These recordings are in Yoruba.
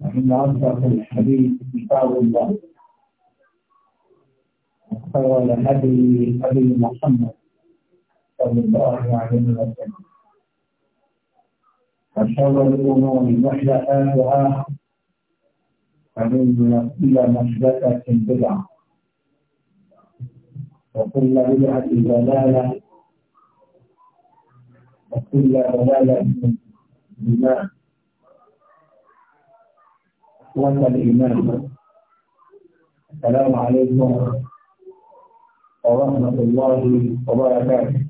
فإن أصدق الحديث كتاب الله وخير الهدي هدي محمد صلى الله عليه وسلم وشر الأمور محدثاتها فمن كل محدثة بدعة وكل بدعة ضلالة وكل ضلالة من الله والإيمان السلام عليكم ورحمة الله وبركاته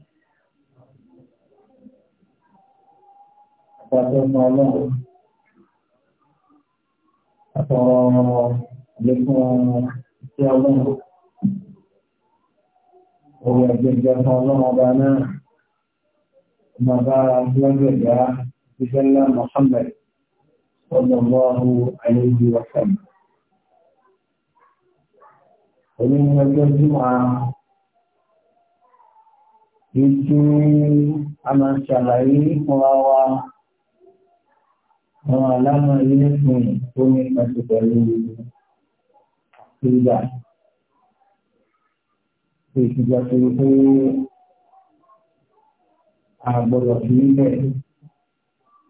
أتمنى الله أتمنى لكم يا الله ويجزاك الله عنا ما بارك لنا بسلام محمد صلى الله عليه وسلم ومن يوم الجمعة Ìtú àmà ṣàlàyé fún wa wa àwọn alámọ̀ ilé fún tó ní pàṣẹ pẹ̀lú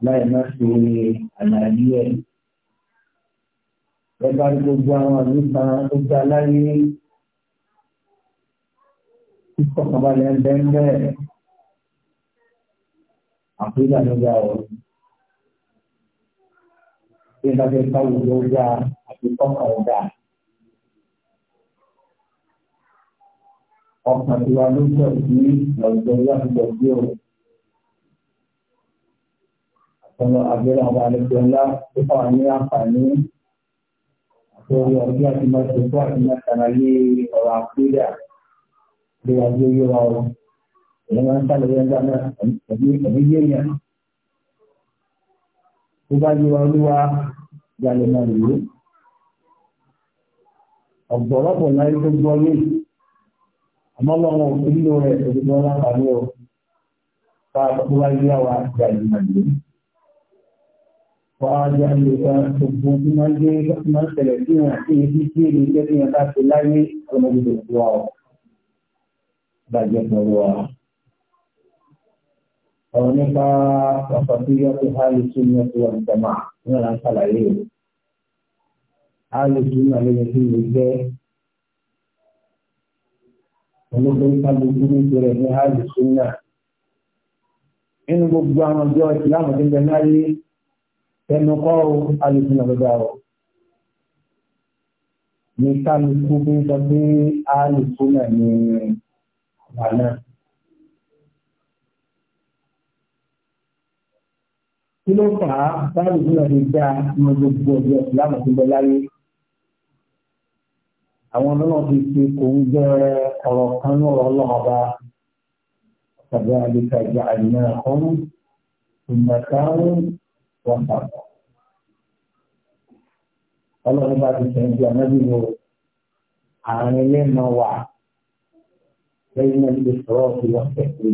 láì má ṣe àlàyé ẹ̀. Ẹ bá gbogbo àwọn àlùfà tó gbá láyé ìfọ̀kànbalẹ̀ ń bẹ́ẹ̀ bẹ́ẹ̀. Àpéjà ló gbà ọ́. Bí ẹ bá fẹ́ káwọ́ ló gbà àti ọ̀gá. Ọkàn tiwa ló sọ̀rọ̀ sí ọ̀gbẹ́ yàtọ̀ sí òun ọ̀rọ̀ àgbẹ̀rẹ̀ àwọn àlejò ńlá tó fà wá ní àǹfààní àti orí ọdún àti máa ṣe fún àti máa ṣàlàyé ọ̀rọ̀ àkúrẹ́dà lè wá gbé yóra ọ̀rọ̀ èyí máa ń sàlẹ̀ yẹn dáná ẹ̀mí yéèyàn tó bá yóra olúwa yàlẹ̀ máa lè lò ọ̀gbọ̀rọ̀pọ̀ láyé tó gbọ́ yé àmọ́ lọ́wọ́ nílò rẹ̀ òdìgbọ́n láǹfààní ọ̀ bá a tó bá yóra wa yàlẹ̀ wáájá lóta gbogbo bí máa ń gbé máa ń ṣẹlẹ̀ sí wọn àti ibi tí èdè jẹ́ sí wọn bá ti láyé ọmọdé tó wà ó bàjẹ́ pẹ̀lú wa. ọ̀rọ̀ nípa ọ̀sán tí yọ sí àlùsù ní ọ̀sán wọn jẹ̀mà ní ọ̀la ń ṣàlàyé o. àlùsù náà ló yẹ kí ló jẹ́ olóògbé kálukú nítorí ní àlùsù náà. nínú gbogbo àwọn ọjọ́ ìsìlámù tó ń bẹ tẹnukọ́ alùsùn ọ̀dọ́dọ́ ọ̀ ní kálukú bí sọ pé alùsùn náà ní ọ̀gá náà. kí ló fà á báyìí tí wọ́n ti dá ní gbogbo ọ̀dọ́ ìsìlámù tó bẹ láyé àwọn ọlọ́run ti ṣe kò ń jẹ́ ọ̀rọ̀ kan ní ọ̀rọ̀ ọlọ́run ọba ọ̀sàgbé àlejò àjọ àìmọ́ ẹ̀kọ́ ìmọ̀ta ń wọ́n ọlọ́run bá ti sẹ́ńtì ànábì wo àárín ilé máa wà lẹ́yìn náà lè sọ̀rọ̀ sí wọn pẹ̀lú.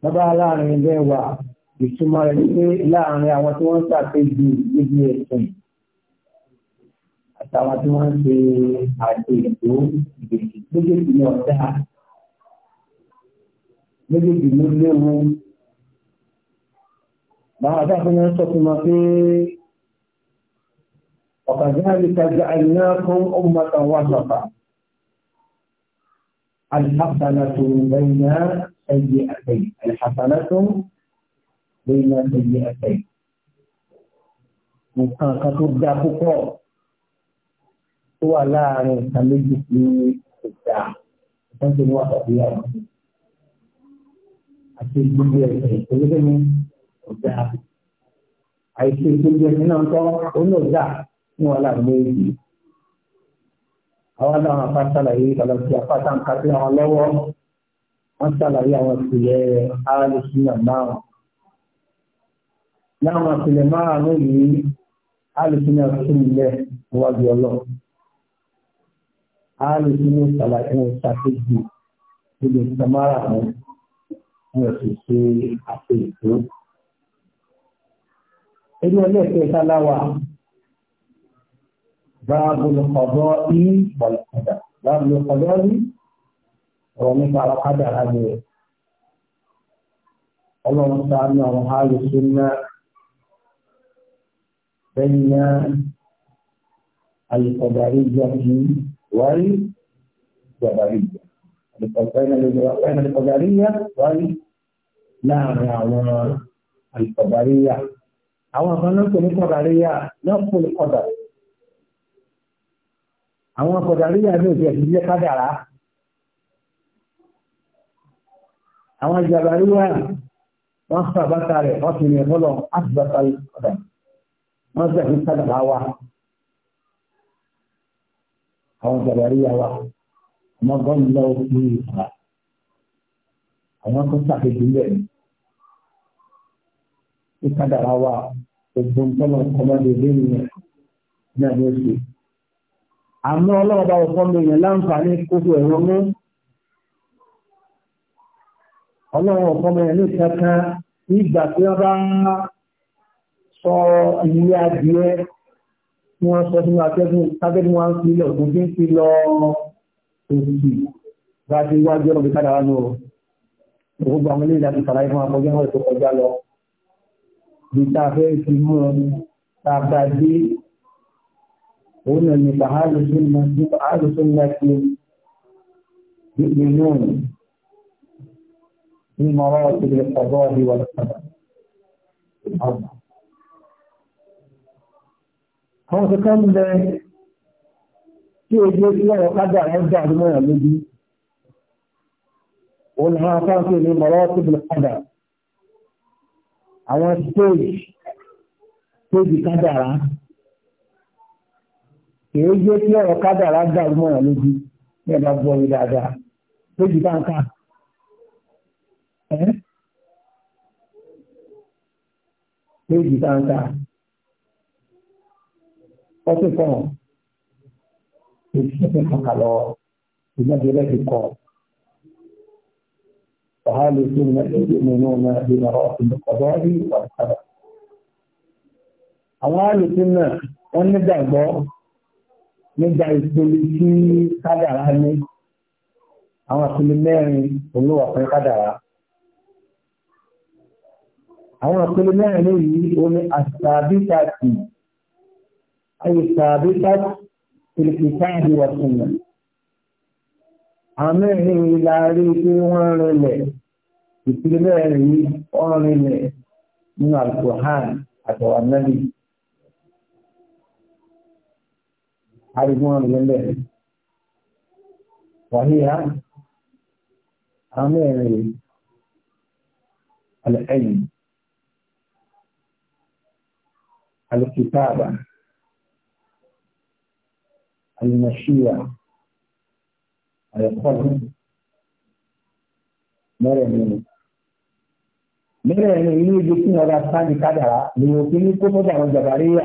bàbá aláàárín ilé wà ìtumọ̀ rẹ̀ ní pé láàárín àwọn tí wọ́n ń ṣàpèjì níbi ẹ̀sìn àtàwọn tí wọ́n ń ṣe àti ètò ìgbèjì méjèèjì ní ọ̀dà méjèèjì ló léwu. bàbá àbá fún wọn sọ fún wọn pé. وكذلك جعلناكم أمة وسطا الحسنة بين سيئتين الحسنة بين سيئتين nǹkan kan tó dáa púpọ̀ tó wà láàrin nǹkan méjì tí kò dáa nǹkan tó ní wà pàdé àwọn àti gbogbo ẹ̀sìn ìpolówó ní kò àìsí gbogbo ẹ̀sìn náà ń tọ́ ó ní ò ní wọn láàmú èyí àwọn náà apá sàlàyé ìbàlọ́sí apá táǹkà sí àwọn lọ́wọ́ wọ́n sàlàyé àwọn ìpìlẹ̀ alùsùnà márùn láwọn ìpìlẹ̀ márùn yìí alùsùnà súnlẹ̀ wájú ọlọ́run alùsùnà sàlàyé wọn ṣàkóso ìlú samara wọn wọn sì ṣe àṣeyìí tó. ẹni ọlẹ́ẹ̀kẹta láwàá. باب القضاء والقدر باب القضاء ومثل على قدر هذه اللهم استعنا وحال السنة بين القدرية والجبرية بين القدرية وال لا يا القدرية أو أظن أنكم القدرية نفس القدر àwọn kọ̀dàríyà ní òjò ẹ̀sìn jẹ́ kádàrá àwọn ìjàbàríyà wọ́n sọ àbáta rẹ̀ wọ́n ti rìn mọ́lọ àtìbáta ọ̀dà wọ́n sì ẹ̀sìn kádàrá wa àwọn ìjàbàríyà wa ọmọ gọ́ọ̀mù lọ sí ìta àwọn tó ṣàkejì bẹ́ẹ̀ ní kádàrá wa ògbóǹtọ́nà kọ́mọdé lẹ́yìn náà ní oṣù àmọ́ ọlọ́wọ́ bá ọ̀pọ̀ mẹ́yàn láǹfààní kókò ẹ̀rọ mú ọlọ́wọ́ ọ̀pọ̀ mẹ́yàn ní kankan nígbà tí wọ́n bá ń sọ ilé adìẹ tí wọ́n sọ sínú atẹ́gùn tábẹ́gùn wọn fi lọ ògùn tí ń هم اللي تعالوا سنة تعالوا سنة يؤمنون في مراتب القضاء والقدر هذا كان في جزء لا يقدع يرجع بما يلدي والها القدر على ستيج ستيج قدره kìí tí kí ọ̀rọ̀ kádàrá dàrú mọ́ra lójú ní ẹ̀dá gbọ́ dáadáa lójú bá lójú kan lọ ìgbàgbé lẹ́sìn kọ ọ̀há lè tó ní ẹgbẹ́ nínú ọmọ ẹgbẹ́ náà ọ̀dọ́ rí nígbà ìpele tí kádàrá ní àwọn ìpele mẹ́rin olówà fún kádàrá. Àwọn ìpele mẹ́rin yìí ó ní àṣàbítàtì, àṣàbítàtì ìlùkìtàdì wà súnmọ̀. Àwọn mẹ́rin yìí láàárín pé wọ́n rinlẹ̀, ìpele mẹ́rin yìí ọ̀rinlẹ̀ nínú àlùkò hàn àtọ̀wà náà àrígún ọ̀rùn lẹ́lẹ̀ wàhíyá àmẹ́rin alẹ́yìn alẹ́kìtàbà alẹ́mọ̀ṣíyà alẹ́kọ́lù mẹ́rin mẹ́rin inú ìdí tí wọ́n bá sáàdì kádàrá ni òfin ní kó mọ́jà jàbáríyà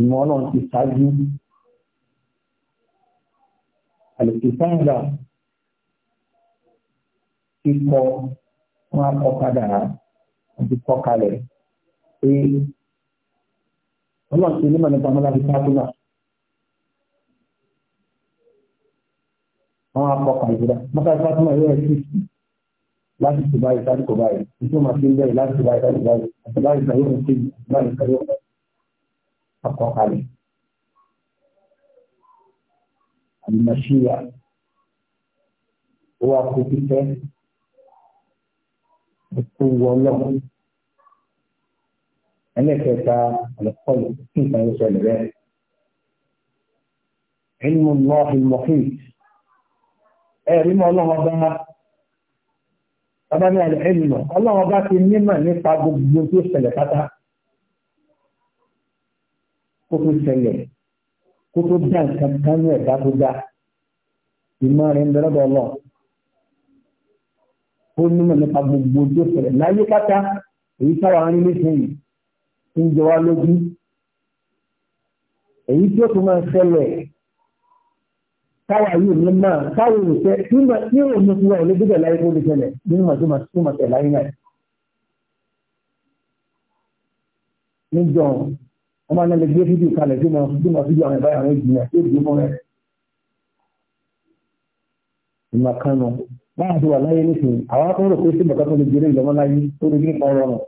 ìmọ̀ náà ti ṣáájú. Àlùkìsáńdà kíkọ wọn akọ padà wọn ti kọ kalẹ̀ pé ọlọ́run ti nímọ̀ nípa ọmọlábi sábúnà. Wọ́n akọ kàìdúrà. Mọ́tàbí Fátímà yóò rẹ̀ sí sí láti tìbáyé sáàdùkọ̀ báyìí. Ìjọba ti ń bẹ̀rẹ̀ láti tìbáyé sáàdùkọ̀ báyìí. Àtìbáyé sàyẹ̀wò ń ṣe ìbáyé sàyẹ̀wò akọkalẹ̀. Àlùmọ̀ṣíyà ó wá kó fífẹ́ ètò wọlọ́. Ẹlẹ́kẹta àlùkọ́lù kí nǹkan ló ṣẹlẹ̀ rẹ̀. Ilmu Allah al-Muhit. Ẹ̀rí mọ́ ọlọ́run ọba. Ọba ní àlẹ́ ìlú. Ọlọ́run ọba ti nímọ̀ nípa gbogbo tó ṣẹlẹ̀ pátá kó tó ṣẹlẹ̀ kó tó dá nǹkan kan ní ẹ̀dá tó dá ìmọ̀ rẹ̀ ń bẹ lọ́dọ̀ ọlọ́ ó nímọ̀ nípa gbogbo tó ṣẹlẹ̀ láyé pátá èyí táwa ń rí nísìnyí ń jọ wá lójú èyí tí ó tún máa ṣẹlẹ̀ táwa yìí ní máa táwa ò tẹ tí ò ní fún wa ò lè láyé tó lè ṣẹlẹ̀ nínú màtí màtí tó màtí láyé náà. níjọ́ wọ́n máa nẹ́lẹ̀ gbé fídíò kalẹ̀ tí wọ́n fi wọ́n fídíò àwọn ìbáyà rẹ̀ jìnà tí ó dùn mọ́ rẹ̀. ìmọ̀ kan nù báyà ti wà láyé nísìnyí àwọn akọ́ rò pé sí mọ̀ká tó lè jẹ́rẹ́ ìjọba láyé tó lè gbé ọrọ̀ rọ̀.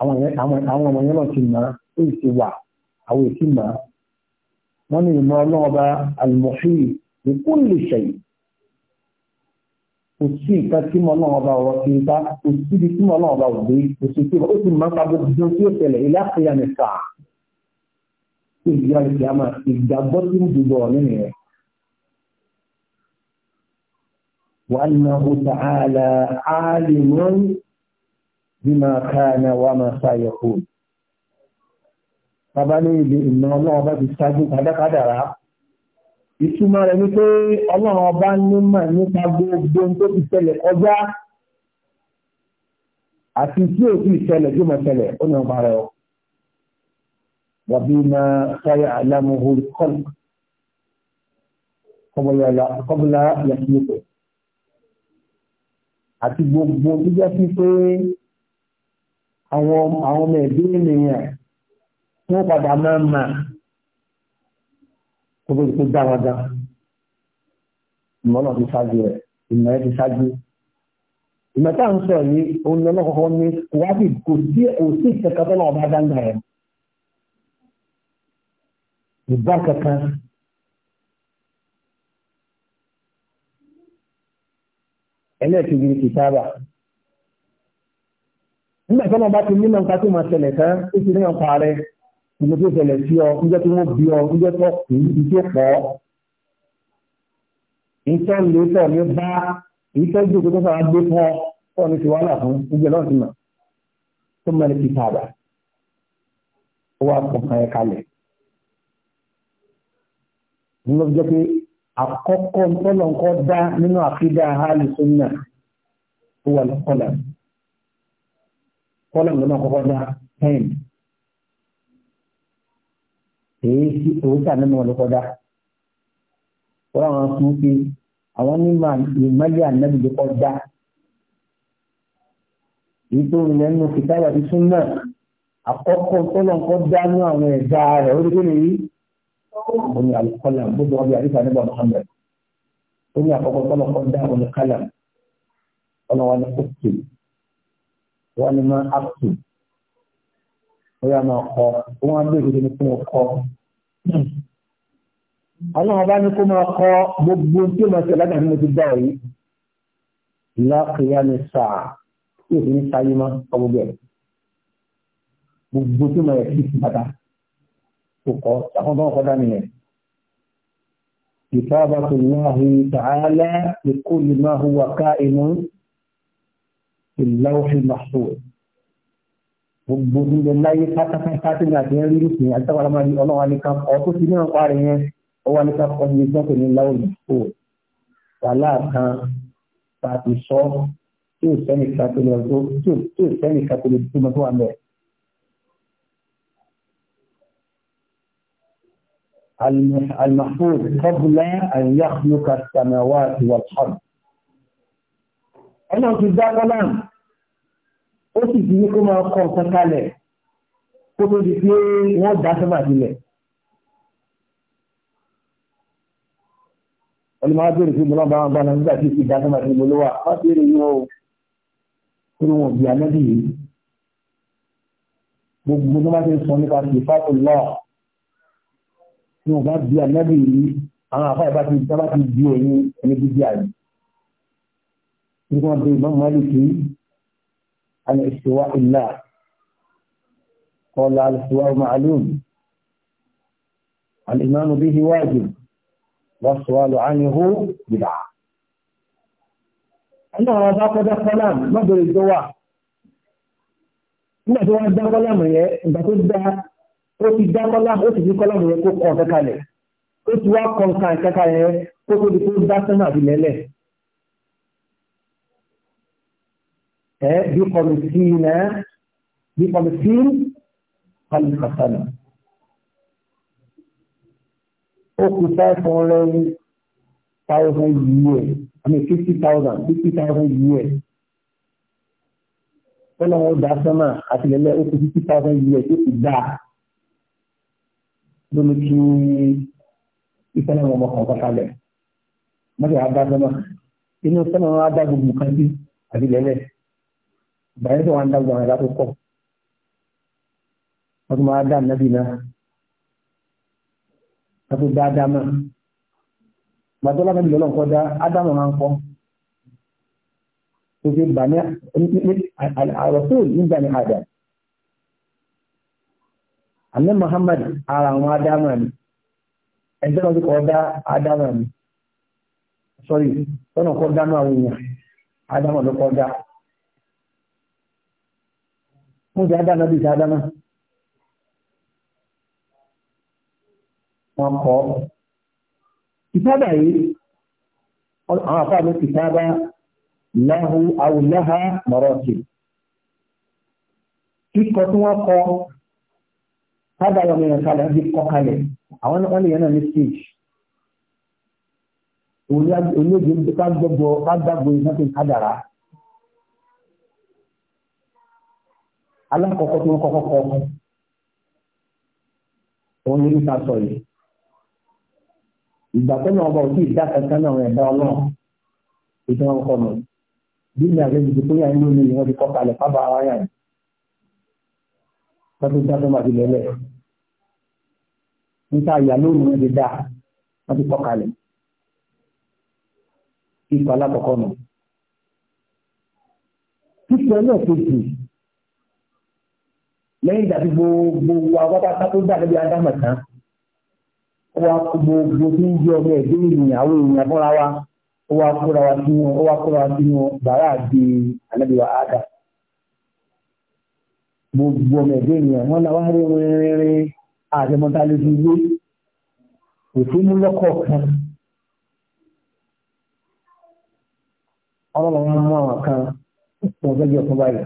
àwọn ọmọ yẹn náà ti mọ̀ ó sì wà àwọn èsì mọ̀ wọ́n ní ìmọ̀ ọlọ́ọ̀ba àlùmọ̀fíì ní kúlù ṣẹ̀yìn kò sí nǹkan tí mo náà ọba ọ̀rọ̀ kiri ká kò síbi tí mo náà ọba òde kò sí tí ó sì máa ń fagbó gbogbo tí ó tẹ̀lé ilé àkóyà mi sà kí ìdílé àlùkí àmà ìgbàgbọ́ tí ń dùbọ̀ nínú rẹ̀. وأنه تعالى عالم بما كان وما سيكون. bàbá ní ibi ìná ọlọ́run bá ti ṣáájú kádàkádàrá ìtumọ̀ rẹ̀ ni pé ọlọ́run ọba nímọ̀ nípa gbogbo tó ti ṣẹlẹ̀ kọjá àti tí ò tí ìṣẹlẹ̀ tí mo ṣẹlẹ̀ ó ní ọba rẹ̀ ọ. wàbí ma sáyà alámúhó kọ́lù kọ́bùlá yàtúnyẹ̀kọ̀ àti gbogbo tó jẹ́ sí pé àwọn ọmọ ẹ̀dẹ́ ènìyàn tó padà máa ń máa gbogbo ìpín dáradá ìmọ̀nà ti ṣáájú rẹ̀ ìmọ̀ ẹ̀ ti ṣáájú ìmọ̀ta ń sọ yìí òun lọ́nà kọ́kọ́ ní wájú kò sí òsì kankan tó náà bá dáńdà rẹ̀ ìbá kankan ẹlẹ́ẹ̀kejì ní kìtàbà nígbà tí wọ́n bá ti ní nǹkan tó máa ṣẹlẹ̀ tán ó ti ní ọ̀pá rẹ̀ ìlú tó ṣẹlẹ̀ sí ọ níjẹ́ tí wọ́n bí ọ níjẹ́ tó kù ìjẹ́ pọ̀ ìtọ́ lè tọ̀ ní bá ìtọ́ ìjòkó tó sára gbé fún ọ pọ̀ ní ti wàhálà fún ìjẹ́ náà ti mọ̀ tó mọ̀ ní ti padà ó wà pọ̀kan ẹ̀ kalẹ̀ nínú jẹ́ pé àkọ́kọ́ ńtọ́lọ́ńkọ́ dá nínú àfídà hálì sunna ó wà lọ́kọ́lá kọ́lá lọ́nà kọ́kọ́ dá 10 èyí tí owó tí àná wọn ló kọjá wọn àwọn fún pé àwọn onímọ̀ ìmọ̀lẹ́ ànábì ló kọjá èyí tó rìn lẹ́nu kìtàbà ti sún náà àkọ́kọ́ tọ́lọ́nkọ́ dánú àwọn ẹ̀dá rẹ̀ ó rí kí nìyí ó ní alùpàlà gbogbo ọbẹ̀ àríkà nígbà Muhammad ó ní àkọ́kọ́ tọ́lọ́nkọ́ dá olùkálà ọlọ́wọ́n ní kókè wọ́n ní máa ápù ọ̀yà máa kọ́ òun á bèèrè ní fún ọkọ́. Ọlọ́run bá ní kó máa kọ́ gbogbo tí ó máa ṣe lágbàá nínú ti dá ọ̀ yìí. Lákìyá ni sàá tí òfin ní sáyé mọ́ ọgbogbo ẹ̀. Gbogbo tí ó máa yẹ kí bàtà kò kọ́ ṣàkóso bá wọn dání yẹn. Ìfáàbàtò Láhi Tàálá ìkó lè máa hùwà ká inú ìlàwọ̀ fi màṣúwèé gbogbo ilẹ̀ láyé pátápátá tí a ti ń rí nìsín àtàwọn alámàrí ọlọ́wà nìkan ọ̀ tó ti náà parí yẹn ó wà nìkan kọ́ ní ẹgbẹ́ pẹ̀lú láwọn ìdìbò wàhálà kan ta ti sọ tí ò sẹ́ni kàtólì ọ̀dọ́ tí ò sẹ́ni kàtólì tó mọ tó wà mẹ́. المحفوظ قبل أن يخلق السماوات والأرض. أنا في ذا كلام ó sì ti ní kó máa kọ́ nǹkan kalẹ̀ kó tó di pé wọ́n dá sọ́mà sílẹ̀. olùmọ̀ọ́ bèrè fún bọ́lá báwọn bá nígbà tí ìdá sọ́mà sí ibo ló wà wọ́n bèrè yín o kí wọ́n bí anábì yìí gbogbo tó bá ti sọ nípa ìfàtò lọ tí wọ́n bá bí anábì yìí àwọn àfáà ìbá ti bí ẹ̀yìn ẹni bí àyè. nígbà wọn bèrè mọ́ mọ́lì kìí عن استواء الله قال الاستواء معلوم الإيمان به واجب والسؤال عنه بدعة عندما ذاك ذا السلام ما بدل الجواب nígbà tí wọ́n dá kọ́lámù yẹn ìgbà tó dá ó ti dá kọ́lámù ó ti fi kọ́lámù yẹn kó kọ́ ọ̀kẹ́kalẹ̀ ó di بخمسين بخمسين خلف سنة أكتاف online thousand years I mean fifty thousand fifty thousand years Ọlọ́run dá sọ́mà àtìlẹ́lẹ́ ó kú fifty thousand years ó ti dá lómi kí ìfẹ́lẹ́ wọn ọmọkàn pàtàlẹ̀ mọ́tò àdá sọ́mà inú sọ́mà wọn á dá gbogbo kan sí àtìlẹ́lẹ́ bayan tó wà ń dàgbà ẹ̀dá tó kọ̀ wọ́n tún máa dá nàbì náà wọ́n tún dá dámà bàtọ́ lábẹ́ ìlú ọlọ́nkọ́ dá ádámà máa ń kọ́ tó fi bà ní àròsùn nígbà ní àdá àmì Muhammad ara àwọn ádámà ni ẹjọ́ náà ti kọ́ dá ádámà ni sọ́rí tọ́nà kọ́ dá náà àwọn èèyàn ádámà ló fún ti ádámà bí ti ádámà wọn kọ́ ìtàbà yìí àwọn àfáàlú ìtàbà láhù àwùláhà mọ̀rọ̀kì kíkọ tí wọ́n kọ́ tábàlọ́ mi yàn kalẹ̀ bí kọ́ kalẹ̀ àwọn wọ́n lè yàn náà ní stage onídìí ká gbogbo ká gbàgbó ìfọ́nkì kádàrá alákọ̀ọ́kọ́ tó ń kọ́kọ́ kọ́ òun ní nípa sọ yìí ìgbà tó náà ọba òkè ìdá kankan náà rẹ̀ dá ọlọ́run ètò wọn kọ́ mọ̀ bí ní àgbẹ̀ ìdìbò tó yàn ní omi ni wọ́n ti kọ́ kalẹ̀ fábà ara yàn wọ́n ti dá tó máa ti lẹ́lẹ̀ níta ìyá lóru wọn ti dá wọ́n ti kọ́ kalẹ̀ ipò alákọ̀ọ́kọ́ náà. Títí ẹlẹ́ẹ̀kejì lẹ́yìn ìgbà tí gbogbo wa pátápátá tó dà níbi adámọ̀ tán wa gbogbo tí ń jẹ́ ọmọ ẹ̀dẹ́ ènìyàn àwọn èèyàn fúnra wa ó wá kóra wa sínú ó wá kóra wa sínú bàrá àgbè ànábìwà àdà gbogbo ọmọ ẹ̀dẹ́ ènìyàn wọn náà wá rí rere àtẹmọ́tálẹ́ ti gbé kò sí kan ọlọ́run mú àwọn kan wọ́n fẹ́ jẹ́ ọ̀kan báyìí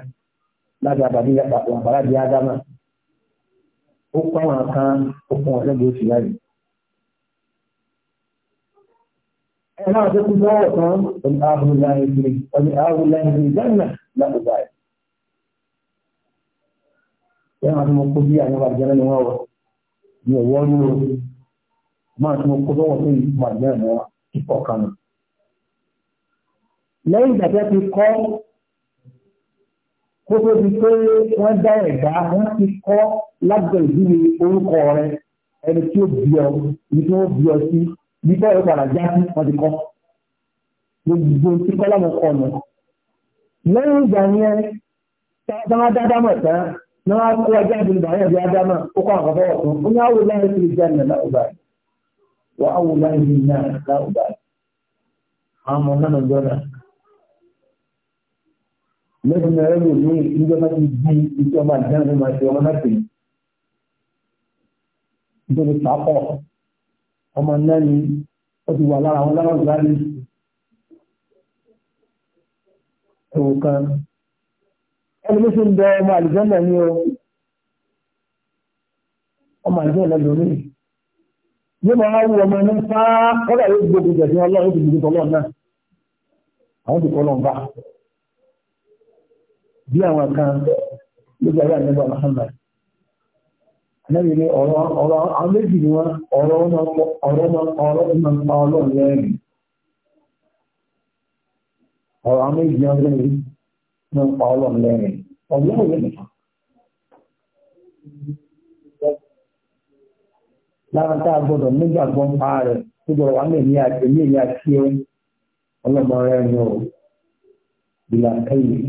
láti àbàdí àbàrá di ádámà ó kọ́ àwọn kan okùn ọ̀lẹ́gbẹ̀ẹ́ oṣù láyé. ẹ náà tó kú sọ́wọ́ kan ọ̀nì ààbùlà ìgbìrì ọ̀nì ààbùlà ìgbìrì jẹ́nà lábùbá ẹ̀. ẹ̀rọ àti mo kó bí àwọn àbàjẹ́ náà ni wọ́n wọ̀ ní ọ̀wọ́ ní o máa tí mo kó sọ́wọ́ sí ìmọ̀ àbàjẹ́ náà kíkọ̀ kan. lẹ́yìn ìgbà tí wọ́n kọ́ kó tó di pé wọ́n dá ẹ̀dá wọ́n ti kọ́ lágbẹ̀ ìdílé orúkọ rẹ ẹni tí ó bí ọ ní tí wọ́n bí ọ sí ní bọ́ọ̀lù padà já sí wọ́n ti kọ́ gbogbo tí kọ́ láwọn kọ́ ọ̀nà. lẹ́yìn ìgbà yẹn táwọn dáadáa mọ̀ tán ní wọ́n á kó ọjà ìdílé bàá yẹn bí ádámà ó kọ́ àwọn bọ́ọ̀ tó ó ní àwọn láyé ti jẹ́ ẹ̀nà láwùbá wọ́n àwọn láyé ti jẹ́ ẹ̀nà láwùbá àwọn ọmọ náà lẹ́gbẹ̀ẹ́ náà lò ní ìjọba ti di iṣẹ́ ọmọ àdìjáde máa ṣe ọmọ náà tèmi nítorí pàápọ̀ ọmọ náà ni ó ti wà lára àwọn láwọn ìgbà ní ẹ̀wọ̀n kan ẹni ló ṣe ń bẹ ọmọ àdìjáde ní o ọmọ àdìjáde lórí yóò máa wú ọmọ náà fáá kọ́dà yóò gbogbo jẹ̀sìn ọlọ́run ó ti gbogbo tọ́lọ́run náà àwọn ti kọ́ lọ́nba. bí àwọn kan lójú ayé àgbẹ̀bọ̀ Muhammad anábì ní ọ̀rọ̀ ọ̀rọ̀ àwọn méjì ni wọ́n ọ̀rọ̀ ọmọ ọ̀rọ̀ ọmọ ọ̀rọ̀ ọmọ ọlọ́run lẹ́rìn ọ̀rọ̀ àwọn ni wọ́n lẹ́rìn ọlọ́run lẹ́rìn a gbọdọ̀ pa rẹ̀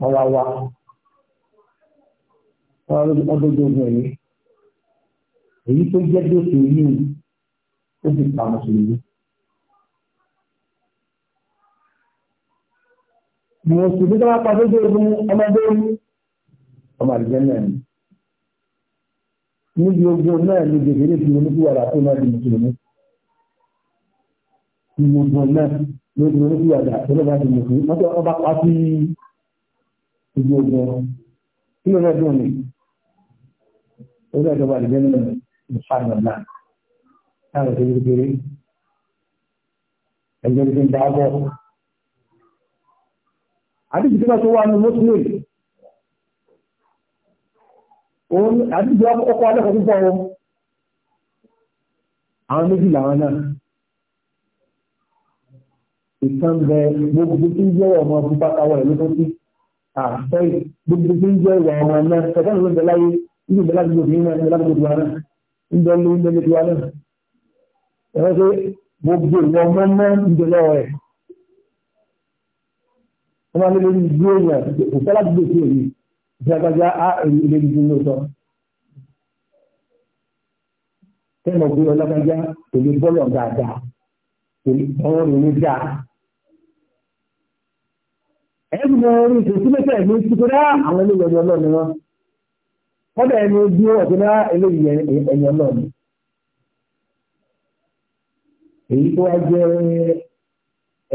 wọ́n wá wá wọ́n lójú ọdọ́dọ́ ogun ẹ̀yẹ èyí tó jẹ́ dókè yìí ó sì pa mùsùlùmí. mùsùlùmí tó máa pa dókè ogun ọmọdé ọmọ àdìjẹ́ náà ni níbi ogun náà ni gègéré ti wọn níbi wàrà tó náà di mùsùlùmí níbi ogun náà ló ti wọn níbi wàrà tó náà di mùsùlùmí wọ́n ti ọba pa sí i ojú ogun kí ló náà dùn ní ojú ìjọba àdìjẹ́ nínú ìfàdàlà láàrín tó kékeré ẹgbẹ́ tó ń dá bọ́. àdìjì tó bá tó wà ní mọ́túnlẹ̀ òun àdìjì ọkọ̀ alẹ́kọ̀ọ́ púpọ̀ wọn àwọn méjì làwọn náà ìtàn bẹ gbogbo tí ń jẹ́ ọmọ fún pátáwọ̀ ẹ̀ ló tó sí àfẹ́yì gbogbo tí ń jẹ́ ìwà ọmọ ẹ̀mẹ́ ṣẹ̀fẹ́ ìwé ìbẹ̀lá yìí ìlú ìbẹ̀lá gbogbo ìlú náà ìbẹ̀lá gbogbo ìwà náà ìbẹ̀ ló ń bẹ̀lẹ̀ ìwà náà ẹ̀rọ pé gbogbo ìwà ọmọ ẹ̀mẹ́ ń bẹ̀ lọ́wọ́ ẹ̀ wọ́n máa ń lórí ìdí èèyàn òfẹ́ láti gbèsè èyí ìfẹ́ agbájá á ilé ìdí ní ọ̀tọ̀ kẹ́mọ̀ pé ọlọ́gbájá kò lè bọ́lọ̀ dáadáa kò lè bọ́lọ̀ mọ orí ìṣèṣílẹ̀ṣẹ̀ ní ṣíkúrá àwọn ilé ìyẹn ọlọ́ọ̀ni wọn kọ́dà ẹni ojú ọ̀tún náà eléyìí ẹ̀yìn ọlọ́ọ̀ni èyí tó wá jẹ́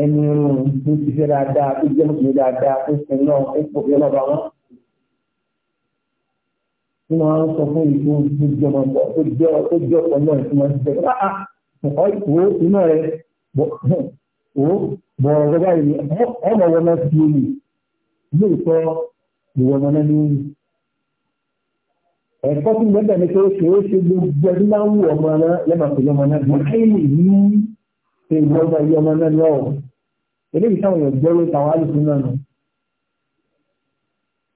ẹni irun tó ti fẹ́ dáadáa tó jẹ́ mùsùlùmí dáadáa tó sin náà ó pò fi ọlọ́ba wọn. tí wọ́n sọ fún ìlú tó jẹ́ ọmọ pọ̀ tó jẹ́ tó jẹ́ ọ̀pọ̀ náà tí wọ́n ti fẹ́ wá ah, à ah, ọ̀ ìwò iná rẹ̀ wò bọ̀ ọ̀rọ̀ báyìí ọmọ wọn náà ti yé mi lóòótọ́ ìwọ ọmọ náà ní ẹ̀kọ́ tí mo bẹ̀rẹ̀ pé kìí ṣe gbogbo ẹni máa ń wù ọmọ náà lẹ́bàá pẹ̀lú ọmọ náà mo kí ni yí ìwọ ọmọ ìyá ọmọ náà lọ́wọ́ eléyìí táwọn èèyàn gbọ́ lóta àwọn alùpùpù náà nù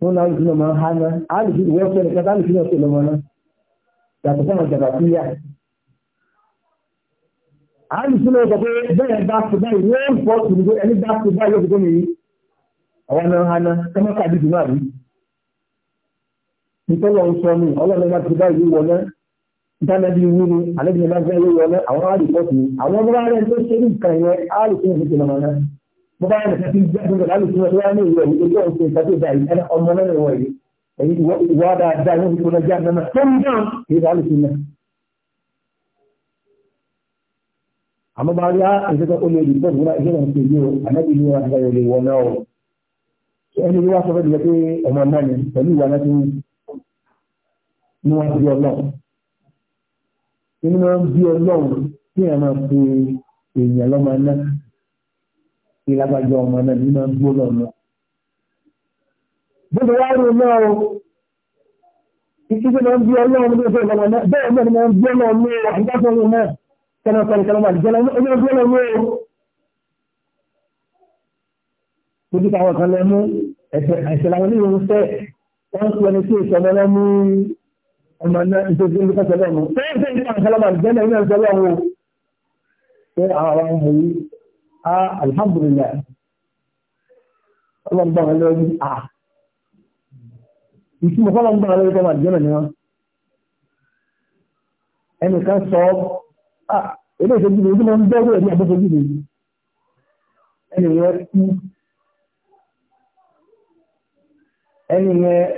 wọn náà alùpùpù náà máa ń há náà alùpùpù wọ́n fẹ́ẹ́ nìkan alùpùpù náà pẹ̀lú ọmọ náà yàtọ̀ sọ́mọ jàgbá sí yá alùpùpù náà sọ pé bẹ́ẹ̀ bá ti báyìí wọ́n fọ́ọ̀tù ẹni bá ti báyìí ó àwọn náà hana ẹmọ́ kàbí jù náà rí nítọ́lọ̀ ń sọ ní ọlọ́run bá ti bá ìlú wọlé ìtànàbí ìwú ni àlejò náà fẹ́ ìlú wọlé àwọn ará rìpọ́tù àwọn ọmọ rẹ̀ tó ṣe ní nǹkan yẹn áàlù tó ń fi tìmọ̀ náà bó bá yẹn ti jẹ́ tó lálù tó wá ní ìwé ìwé tó ń ṣe ìtàkì ìdá yìí ẹni ọmọ náà wọ̀ yìí èyí ìwọ dáadáa yóò fi kọ́nà jáde náà tó ń dán kì ẹni wá sọ fẹ́ẹ́ pé ọmọ náà ni pẹ̀lú ìwà náà ti ní wọ́n bí ọlọ́run inú wọn bí ọlọ́run kí ẹ máa pe èèyàn lọ́mọ náà kí lágbájọ ọmọ náà ní máa ń bí ọlọ́run náà. bó ti wá rí náà o títí tó máa ń bí ọlọ́run ní ìfẹ́ ìlọ́mọ náà bẹ́ẹ̀ náà ni máa ń bí ọlọ́run ní àgbàsọ́rọ̀ náà kẹ́nà sọ̀rọ̀ kẹ́nà máa jẹ́ ọlọ́run ní ẹ̀sẹ̀ làwọn oníwèé ń fẹ́ wọ́n ti ẹni tí ìṣẹ̀lẹ̀ lọ mú ọmọ náà nítorí ní kọ́sẹ̀ lọ́nu fẹ́ẹ́ fẹ́ẹ́ ní àwọn sálámà jẹ́nà ní ọ̀sẹ̀ lọ́wọ́ pé àwọn ọmọ yìí ẹni yẹn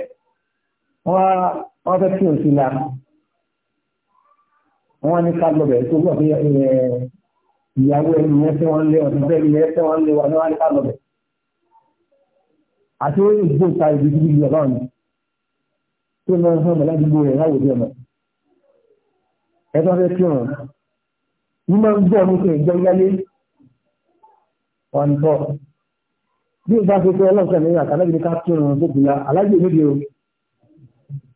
wọ́n fẹ́ kí o sí la wọ́n ní ká lọ bẹ̀rẹ̀ tó gbọ́ pé ìyàwó ẹni yẹn tí wọ́n lé ọ̀sán bẹ́ẹ̀ yẹn tí wọ́n lé wa ní wọ́n ní ká lọ bẹ̀rẹ̀ àti orí ìgbó ta ibi tí bíbí ọ̀rọ̀ ni tó lọ sọ ọmọ ládùúgbò rẹ̀ láwùjọ ọmọ ẹ̀tọ́ fẹ́ kí wọn ní máa ń gbọ́ ọmọ tó ìjọ yálé wọn tọ́ bí o bá ṣe fẹ́ ọlọ́sẹ̀ ní àtàlẹ́bí ká tún ọ̀rọ̀ tó gbìyà alájò níbi o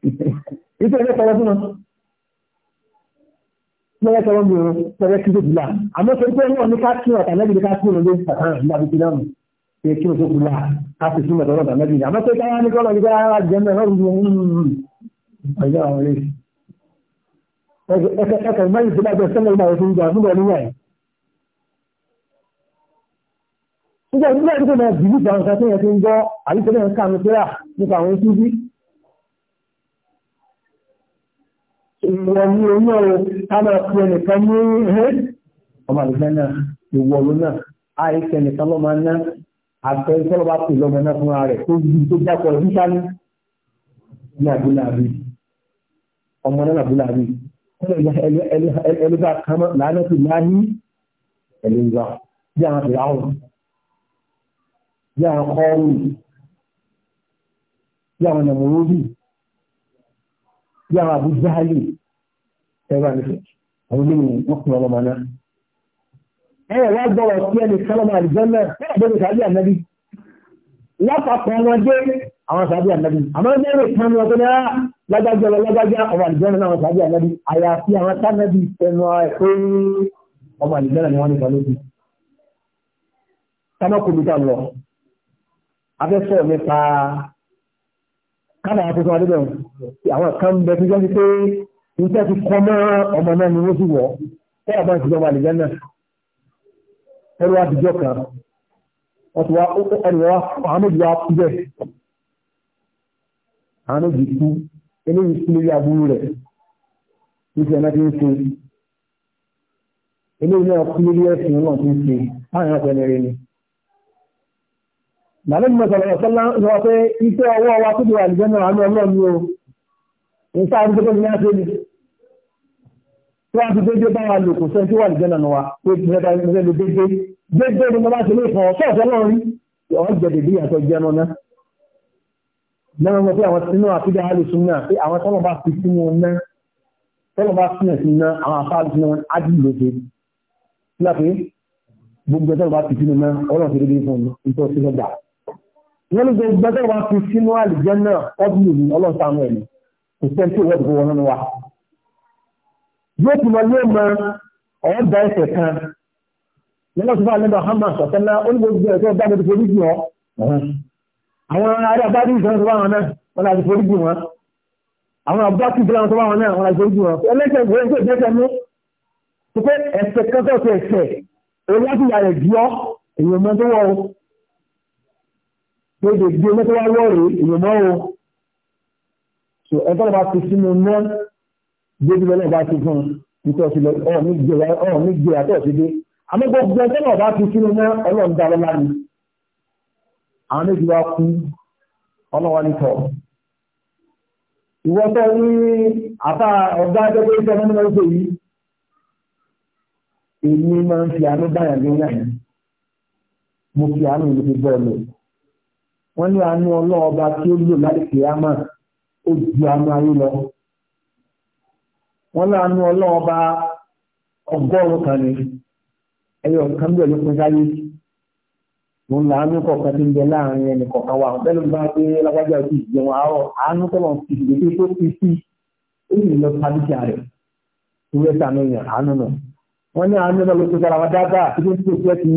ìfẹ́ ẹgbẹ́ tọrọ fún wọn lọ́wọ́ tọrọ mi o tọrọ kí tó gbìyà àmọ́ tó gbé wọn ní ká tún ọ̀rọ̀ àtàlẹ́bí ká tún ọ̀rọ̀ ló sàkán ní àbíkí náà ṣe kí o tó gbìyà ká sì tún ọ̀rọ̀ àtàlẹ́bí àmọ́ tó káyà ní kọ́lọ̀ nígbà ara jẹ́ mẹ́rin ọ̀rọ̀ mi ọ̀rọ̀ ọ̀rọ̀ ọ̀rọ̀ ọ̀rọ̀ nígbà tí wọ́n ti máa bìlú ìgbà nǹkan tó yẹ ti ń gbọ́ àyíkọ́ náà ká mi pẹ́rà nípa àwọn ojú bí. ìwọ ni oyún ọ̀rọ̀ ká máa fi ẹnìkan ní ẹ̀hẹ́ ọmọ àgbẹ̀ náà ìwọ ọ̀rọ̀ náà àìsàn nìkan lọ́mọ náà àgbẹ̀ ìfọ́lọ́bà pè lọ́mọ náà fúnra rẹ̀ tó ju tó jápọ̀ rẹ̀ níta ní ní àbúláàbí ọmọ náà àbúláàbí ẹlẹ́gbà kan lánàá tó láyé ẹlẹ́gbà bí àwọn àbẹ̀rẹ̀ àwọn yá ọrù yá ọ̀nà mòróbì yá àbújáàlì ẹ̀rọ ànífẹ́ àwọn olóyìn wọ́n kùnà ọmọ náà ẹ̀rọ wá gbọ́rọ̀ sí ẹni sálọ́mà àlìjọ́nà ẹ̀rọ sàbí ànábì lápapọ̀ wọn dé àwọn sàbí ànábì àmọ́ ẹgbẹ́rẹ́ kan ní ọdún náà ah, lágbájá lọ lágbájá ọmọ àlìjọ́nà náà sàbí ànábì àyàfi àwọn sánábì ẹnu ẹ̀kọ́ ọmọ àlìjọ́nà ni wọ́n ní sọ lójú afẹ́fẹ́ nípa kánàá tuntun adébẹ̀ àwọn kan bẹ tó jẹ́ pé níta ti kọ́ mọ́ ọmọ náà ni wọ́n sì wọ̀ tẹ́lá bá ti jọba àlejò náà ẹrú àtijọ́ kan wọ́n ti wá ẹrù wá àwọn méjì wá kú bẹ́ẹ̀ àwọn méjì kú eléyìí kú lórí aburú rẹ̀ níṣẹ́ náà ti ń ṣe eléyìí náà kú lórí náà ti ń ṣe báyìí náà ẹ̀rẹ́ ni. Nàlẹ́bí mọ̀sọ̀rọ̀ ọ̀sọ́lá lọ pé iṣẹ́ ọwọ́ wa tó dìwà ìjẹ́ náà ní ọlọ́run ni o. Ìṣá àti tó ní láti ní. Tí wọ́n ti dédé bá wa lòkùn sẹ́ni tí wà ìjẹ́ náà wa tó ti rẹ́ta ìrìnlẹ̀ ló dédé. Dédé ni mo bá ṣe lè fọ̀ ọ̀ṣọ́ ọ̀ṣọ́ lọ́run rí. Ọ̀hún jẹ̀dẹ̀ bí àtọ̀ jẹ́ náà náà. Lẹ́nu mo pé àwọn sínú àtúndà á lè pé àwọn tọ́lọ̀ bá fi sínú náà tọ́lọ̀ bá sínú sí àwọn afáàlù náà á dì gbogbo ẹjọ́ bá fi sínú náà ọlọ́run fún un nítorí wọ́n ní gbogbo ẹgbẹ́ wa fi sínú àlìjẹ́ náà ọ́bùnù ní ọlọ́sàánú ẹ̀mí kò sẹ́ni tí ìwọ́dùkú wọn nínú wa. yóò ti lọ lé mọ ọ̀rọ̀ da ẹsẹ̀ kan lọ́nà tó bá lẹ́nu hamas ọ̀sánná ó ní gbogbo ẹ̀kọ́ bá mi ti forí jù ọ́. àwọn ará abájú ìsọ̀rọ̀ tó bá wọn náà wọn láti forí jù wọn. àwọn abájú ìsọ̀rọ̀ tó bá wọn náà wọn láti forí jù wọn pé dèdè mẹ́tọ́ wá lọ́rẹ̀ èèyàn mọ́ o so ẹ̀tọ́ bá ti sínú mọ́ débi lọ́nà bá ti fún nítorí ọ̀rọ̀ ní gbèrà ọ̀rọ̀ ní gbèrà tó ti dé àmọ́ gbogbo ẹ̀tọ́ náà bá ti sínú mọ́ ọlọ́run dá lọ́la ni àwọn méjì wá kú ọlọ́wà ní tọ̀ ìwọ́tọ̀ ní àtà ọ̀gá ẹgbẹ́ ìṣẹ́ mọ́ nínú ọgbẹ́ yìí èmi máa ń fi àánú báyà ní ìyá yìí mo fi àánú ìlú fi bọ́ọ̀lù wọ́n ní àánú ọlọ́ọba tí ó lò láti kìyàmà ó ju àánú ayé lọ wọ́n láàánú ọlọ́ọba ọgọ́rùn-ún kan ní ẹyọ kan bí ọ̀lọ́pin sáyé mo láàánú kọ̀ọ̀kan tí ń bẹ láàrin ẹnì kọ̀ọ̀kan wa bẹ́ẹ̀ ló bá pé lágbájá òkú ìjẹun àárọ̀ àánú tọ́lọ̀ fi ìgbésẹ̀ tó fi sí ó sì lọ pàdíjà rẹ̀ ìwé sàmì àánú náà wọ́n ní àánú náà ló ti sára wa dáadáa tí ó ti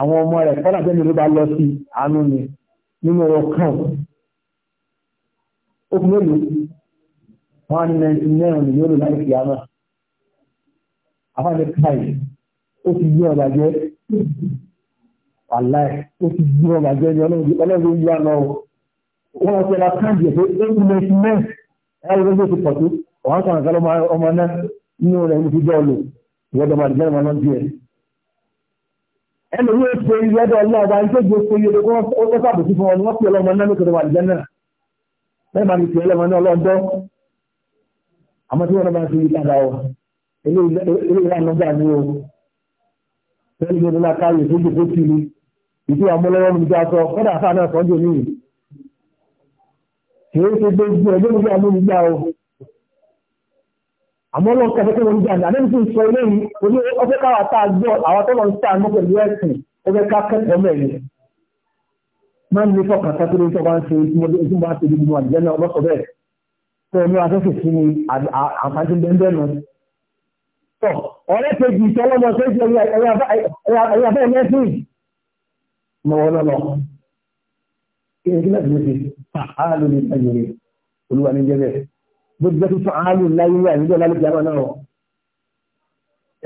àwọn ọmọ rẹ̀ kọ́nà tẹ́lú ló bá lọ sí àánú ni nínú ọ̀rọ̀ kan ó kú mélòó wọn á ní ninety nine ni yóò lò láì fi àmà àfáàní káì ó ti yí ọ̀gá jẹ́ wàláì ó ti yí ọ̀gá jẹ́ ní ọlọ́run yí àná o wọn ọ̀sẹ̀ la káàdì ẹ̀ pé eight ninety nine ẹ̀rọ ló ló ti pọ̀ tó ọ̀hán kan àgbàlọ́ ọmọ náà nínú rẹ̀ ló fi jọ́ ọ lò ìwọ́dọ̀ máa dìgbà máa náà bí ẹ̀ ẹni wọ́n ṣe ìrẹ́dọ̀ ọlọ́ọ̀bá ń tẹ́jú oṣù yẹ kó wọ́n sábò sí fún wọn ni wọ́n pè ọlọ́mọ náà lókè wà lẹ́yìn náà lẹ́yìn máa ń pè ọlọ́mọ náà lọ́dọ́ àmọ́ tí wọ́n máa ń fi ìlànà ọ ilé ìlànà gbà ní o lẹ́yìn ní ọdún akáyè tó jẹ́ kó kiri ìdí àmúlọ́wọ́ mi já sọ kọ́dà àfáà náà sọ́jọ́ níyì kì í ṣe gbogbo ẹgbẹ́ àmọ́ lọ́n kẹfẹ́ tó wọ́n jẹ́ àná nínú sọ ilé yìí oní ọjọ́ káwà tá a gbọ́ àwọn tó lọ ń sá àmọ́ pẹ̀lú ẹ̀sìn ó fẹ́ ká kẹ́kọ̀ọ́ mẹ́rin máa ń ní fọkàn sátúrú tó bá ń ṣe ìmọ̀lẹ́ ojú máa ń ṣe gbogbo àjẹ́ náà ọlọ́kọ̀ bẹ́ẹ̀ tó ní afẹ́fẹ́ sí ni àǹfààní bẹ́ẹ̀ náà tọ̀ ọ̀rẹ́ kejì ìṣọlọ́mọ kejì ẹ̀yà bẹ́ẹ̀ mẹ́sìn mọ̀wọ́ náà lọ kí ni kí gbogbo tó tán áàlù láyé ní àìníjọ́ lálùkì àmà náà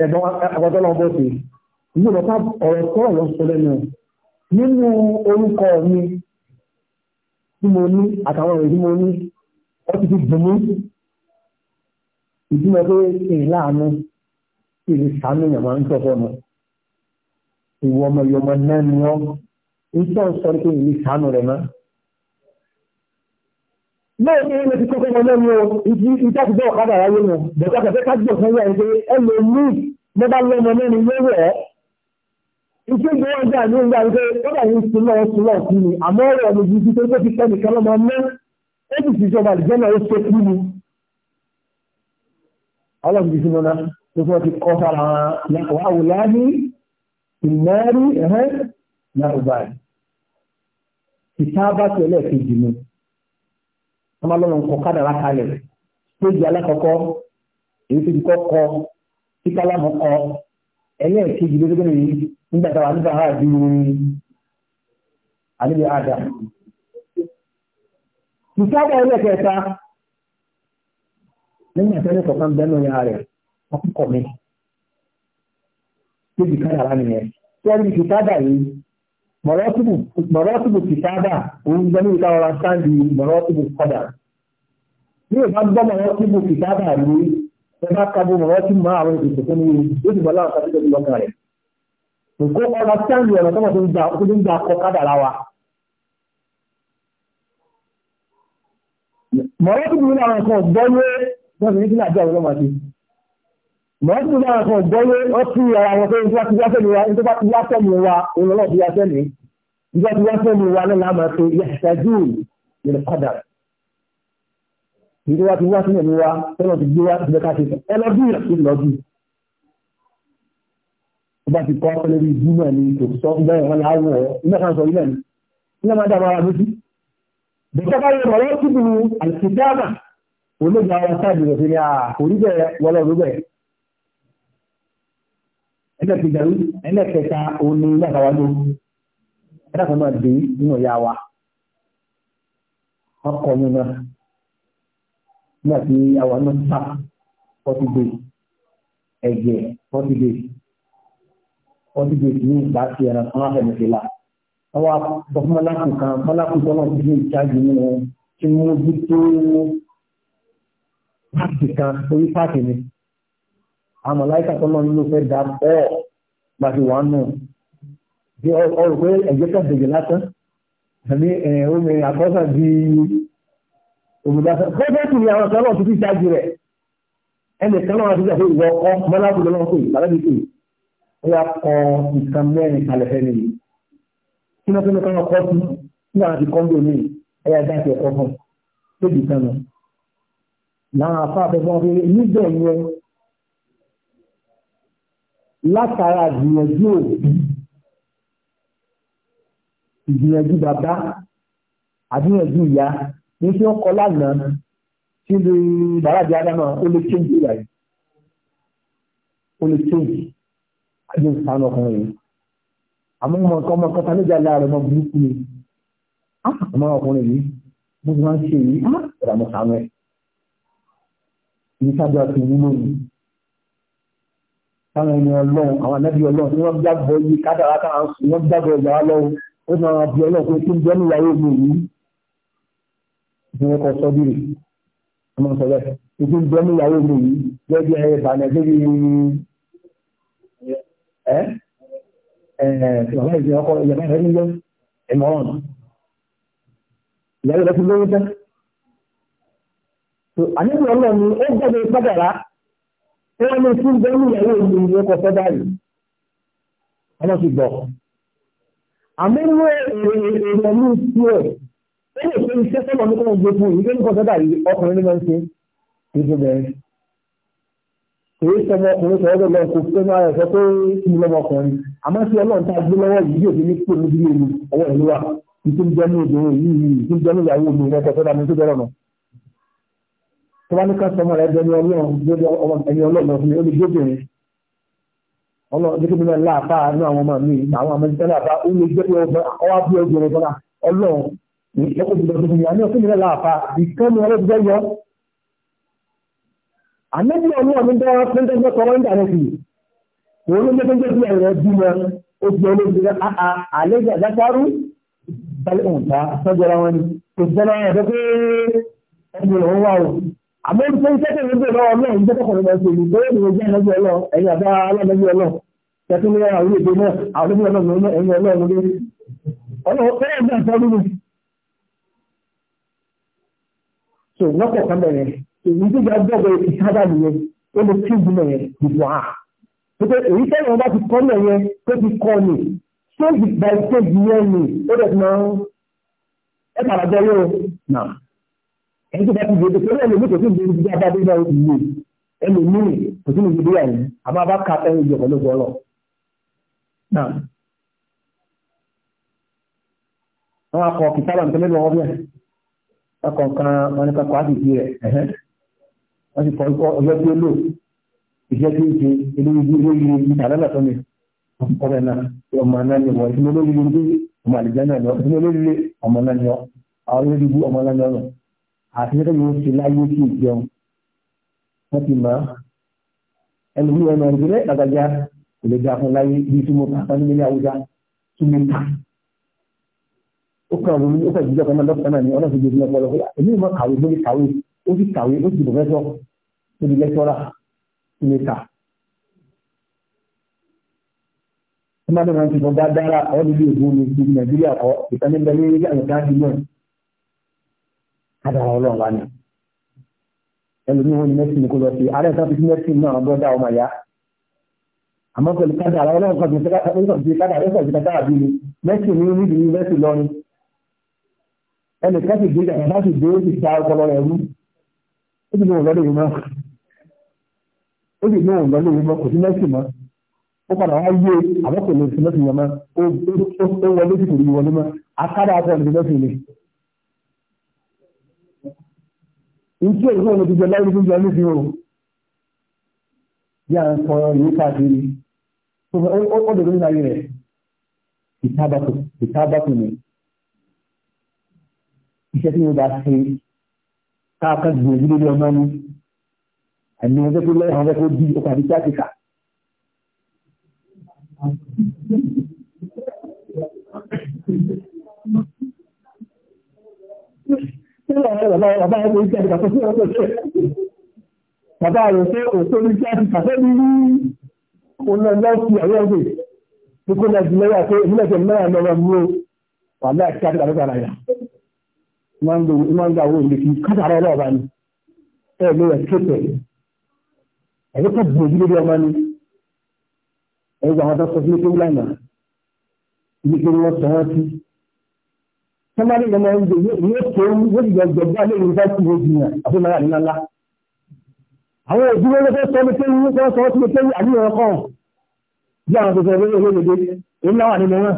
ẹ̀gbọ́n àgbàtọ́ náà bọ́ sí ìlú ọ̀pá ọ̀rọ̀ tọ́rọ̀ lọ sọ lẹ́nu nínú orúkọ mi tí mo ní àtàwọn ọ̀rọ̀ tí mo ní ọ ti fi dùnmú ìdúmọ̀ pé èyí láàánú kí sàánú yàn máa ń tọ́fọ́ mi ìwọ ọmọ yọmọ náà ni ọ ń sọ̀rọ̀ sọ pé èyí sàánú rẹ̀ náà bẹ́ẹ̀ ni ilé ti kọ́kọ́ wọn lẹ́nu ìdí ìtàkùbọ̀ ọ̀kadà ráyé wọn bẹ̀rẹ̀ kẹfẹ́ kájọ̀ fún wọn pé ẹ lè mú bọ́bá lọ́mọ mẹ́ni lówó ẹ̀ iṣẹ́ ìgbé wọn jà ní ìgbà wípé kọ́dà yìí ti lọ́wọ́ sí lọ́wọ́ sí ni àmọ́ ọ̀rọ̀ ọ̀dọ̀ yìí ti tó fi tẹ́ wọ́n máa lọ́nà kọ kádàrá kalẹ̀ péjì alákọ̀ọ́kọ́ èyí tó ti kọ́ kọ tí kálámù kọ ẹlẹ́ẹ̀kejì ló gbẹ́gbẹ́ nìyí nígbà táwa nígbà ha di àníbi àdá. ìsáàbà ẹlẹ́ẹ̀kẹta lẹ́yìn àtẹ́lẹ́ kọ̀ọ̀kan bẹ́ẹ̀ lóyún ara rẹ̀ ọkùnkọ̀ mi péjì kádàrá nìyẹn tí wọ́n ní kìtàdà yìí mọ̀rọ́tìbù kìtàdà òun jẹ́ ní ìta ọ̀rọ̀ sáàdì mọ̀rọ́tìbù kọ́dà ní ìbá gbọ́ mọ̀rọ́tìbù kìtàdà ní ẹbá kabo mọ̀rọ́tìbù máa àwọn ìpèsè fún mi ó sì bọ́lá ọ̀sán tó lọ́kàn rẹ̀ nǹkó ọ̀rọ̀ sáàdì ọ̀nà tó mọ̀ tó ń gba ọkọ̀ kádà láwa. mọ̀rọ́tìbù ní àwọn nǹkan ọ̀gbọ́n yé wọ́n fi ní mọ̀ọ́sí náà kan gbọ́yé ó sì ara wọn pé nígbà tí wọ́n fẹ́mi wa nígbà tí wọ́n fẹ́mi wa òun náà ti wá fẹ́mi nígbà tí wọ́n fẹ́mi wa náà láàmà pé yàtàjú ìlú padà ìlú wa ti wá sílẹ̀ mi wa tọ́lọ̀ ti gbé wa ti lẹ́ka ṣe ẹ lọ bí ìlú lọ bí. ó bá ti kọ́ lórí ìlú náà ni kò sọ bẹ́ẹ̀ wọn láwọ̀ ọ́ iná kan sọ ilẹ̀ ni iná máa dábàá ara lójú. bẹ̀tẹ̀ báyìí mọ̀ wọ́n ti bù àìsíkẹ́ àmà olóògbé ẹlẹ́kẹ̀ẹ́gbẹ̀rún ẹlẹ́kẹ̀ẹ́ta òun ni ilé àtàwà ló ẹlẹ́kọ̀ọ́ máa dé nínú ìyá wa ọkọ̀ mi náà nígbà tí àwa náà sá forty days ẹ̀jẹ̀ forty days forty days ní ìgbà tí ẹran kan wá fẹ̀mí fìlà wọ́n wá bọ́ fún mọ́lákùn kan mọ́lákùn tó náà ti ní ìjáde nínú tí mo bí tó páàkì kan orí páàkì ni àmọ̀ láìka tó lọ nínú fẹ́ dá pọ̀ gbàtí wà nù bí ọrọ̀ pé ẹ̀jẹ̀ kan dèjì lásán àbí omi àkọ́sà di omi lásán pẹ́ẹ́pẹ́ sì ni àwọn kan náà ti fi ṣáájú rẹ̀ ẹnì kan náà ti ṣàfihàn ìwọ ọkọ mọ́láàbù lọ́wọ́ pé lálẹ́ bí pé ó yà kọ nǹkan mẹ́rin kalẹ̀ fẹ́ nìyí sí ní àwọn ti kọ́ńdò mi ẹ̀yà ọkọ̀ fún un lóbi kan náà làwọn afáfẹ́ fún wọn fi látara ìgbìyànjú òbí ìgbìyànjú bàbá àgbìyànjú ìyá ní tí ó kọ lánàá tí ó lè bàrádìí adáná ó lè change ìyá yìí ó lè change àjọ ìsànà ọkùnrin yìí àmọ́ ọmọ nǹkan ọmọ nǹkan taníjà láàrẹ ọmọ burúkú ni ọmọ ah, ọkùnrin yìí mo ti máa ń ṣe yìí ìrànlọ́sàánú ah, ẹ̀ ní sábẹ́ ọtí wúlò yìí táwọn ẹni ọlọ́run àwọn anábì ọlọ́run tí wọ́n gbàgbọ́ yí kádàrá káwọn sùn wọ́n gbàgbọ́ ìyá wa lọ́wọ́ ó ní àwọn àbí ọlọ́run pé kí n jẹ́ níyàwó mi yìí ní wọn kọ sọ́bìrì ọmọ sọ bẹ́ẹ̀ kí n jẹ́ níyàwó mi yìí lẹ́bi wọ́n lè tún bẹ́ẹ̀ níyàwó ìlú ìlú kọ̀ọ̀kan báyìí wọ́n ti gbọ́. àmọ́ ní èrò ní ti ẹ̀ ó lè pe iṣẹ́ sọ́mọ ní kọ́mọ gbé fún ìlú kọ̀ọ̀kan báyìí ọkùnrin ní máa ń ṣe ìlú bẹ̀rẹ̀. èyí sọmọ ọkùnrin sọ̀rọ̀ bẹ́ẹ̀ lọ́n kó fẹ́ máa rẹ̀ sọ pé kí lọ́mọ ọkùnrin àmọ́ sí ọlọ́run tá a gbé lọ́wọ́ yìí yóò fi ní kó níbi ìlú ọwọ́ ìlú wa ìtúndẹ́nu ìdòwò yìí ìtúndẹ́nu ìyàwó mi rẹ̀ kọ̀ọ̀kan tó bá ní ká sọmọ rẹ̀ dẹni ọlọ́run lórí ọmọ ẹni ọlọ́run ọ̀fun ó lè gbóbìnrin ọlọ́run jẹ́ kí nínú ẹ̀lá àpá àánú àwọn ọmọ mi àwọn amẹ́sítẹ́lẹ̀ àpá ó lè jẹ́ ọwá bí obìnrin kan ọlọ́run ìṣẹ́kù ti dọ̀tún ìyá ní ọ̀sìn ìrẹ́lá àpá ìkànnì ọlọ́run jẹ́ yọ. àmẹ́bí ọlọ́run mi dọ́wọ́ pé ńdẹ́gbẹ́ sọ̀rọ̀ ń dàrẹ́ sí i òun ló jẹ́ pé bí ẹ̀rẹ́ bí wọn ó fi olóògbé rẹ̀ àlejò àdákárú balẹ̀ òǹtà sọ́jọ́ra wọn ni kò àmọ́ ibi tó ń tẹ́tẹ̀ níbi ìlọ ọlọ́run tó kọ̀ọ̀kan lọ sí ìlú ìwé jẹ́ ẹ̀nàbí ọlọ́run ẹ̀yìn àbá alábẹ́bí ọlọ́run tẹ́tún ní àwọn ìlú náà àwọn ìlú ọlọ́run náà ẹ̀yìn ọlọ́run lórí ọlọ́run fẹ́rẹ̀ náà sọ nínú. so lọ́kọ̀ kan bẹ̀rẹ̀ èyí tó gba gbọ́dọ̀ ìsábà nìyẹn ó lè kí ìgbìmọ̀ yẹn dìbò à. pé èyí tẹ́lẹ̀ wọn bá ti kọ́ náà yẹn tó ti kọ́ ni stage by stage yẹn ni ó dẹ̀ ti máa ń ẹ̀ ẹni tó bá ti gbèdé pẹ̀lú ẹlòmí kò sí ìgbèdé bí abá dé náà ìwé ẹlòmí kò sí ìgbèdé yà yìí àmọ́ abá ka ẹni ìjọba ló gbọ́ lọ. wọ́n akọ kìtàbà nǹkan mẹ́lẹ̀ wọ́n bẹ́ẹ̀ wọ́n kọ nǹkan wọn ní kakọ àdìsí rẹ̀ wọ́n sì kọ ọjọ́ tí ó lò iṣẹ́ tí ó ṣe eléyìí eléyìí ìtàlẹ́ lọ́tọ́ mi ọmọ náà ọmọ náà ni wọ́n ìsinmi olóyìí ọmọ àlìjẹ́ náà ni ọmọ náà ni ọmọ náà ni ọmọ náà ni ọmọ àti nítorí yóò ṣe láyé sí ìjẹun wọ́n ti mọ̀ ẹnu bí ọmọ ìgbélé lágbájá kò lè ga fún láyé bí tí mo kà fún nílé àwùjá tí mi kà ó kàn wọ́n ó kàn jíjọ́ kan náà lọ́kàn náà ni ọlọ́sì gbèsè náà pọ̀ lọ́kọ́ èmi mọ̀ kàwé lórí kàwé ó sì kàwé ó sì pòfẹ́sọ̀ ó di lẹ́kọ́rà tí mi kà. ó má dọ̀nà ti bọ̀ dáadáa àwọn ìlú èkó ni ti Nàìjíríà kọ́ ìtàn kádàrá ọlọ́run wa ni ẹlòmíì wọn ni mẹ́sìn kó lọ sí ààrẹ tó fi sí mẹ́sìn náà bọ́dà ọmọ ìyá àmọ́ pẹ̀lú kádàrá ọlọ́run kan fi kádàrá ọlọ́run kan fi kádàrá bí mi mẹ́sìn ní níbi ní mẹ́sìn lọ́rin ẹnì kan sì gbé ìjàmbá sì gbé ó sì ta ọpọlọ rẹ̀ rú ó sì lóun lọ́dún yìí mọ́ ó sì lóun lọ́dún yìí mọ́ kò sí mẹ́sìn mọ́ ó padà wá yé àbọ̀kọ̀ lè fi mẹ́sìn yẹn mọ́ ó wọlé sí kò ìjú ìwọ̀n ló ti jẹ láyé tó ń jẹ ní fi hàn yà ń sọ ìwé káàkiri ó dòdó nínú ayé rẹ̀ ìtábàkù ni iṣẹ́ tí mo bá ṣe káàkiri gbòòjú lórí ọmọ mi àmì ọjọ́ tó lẹ́yìn ọjọ́ tó di ọkọ̀ àti kíákìkà Thank you. Bàbá rẹ̀ ṣe òtórí jẹ́ àtìkàfẹ́ ní olóòlọ́sí àwọn ọgbẹ̀ tó kó lọ jùlọ́yà pé ìmúlẹ̀kẹ̀ mẹ́rin lọ́wọ́ mú wà láì kí yà sọ́mọ́lì lọ́mọ oúnjẹ yóò tó yóò jọ jọba yunifásitì ló jìnnà àti náírà nínú ńlá. àwọn òdúró ló fẹ́ sọ mi pé yín sọ mi pé àbí ìwọ̀n kan bí àwọn tó sọ pé owó èyí náà wà nínú wọn.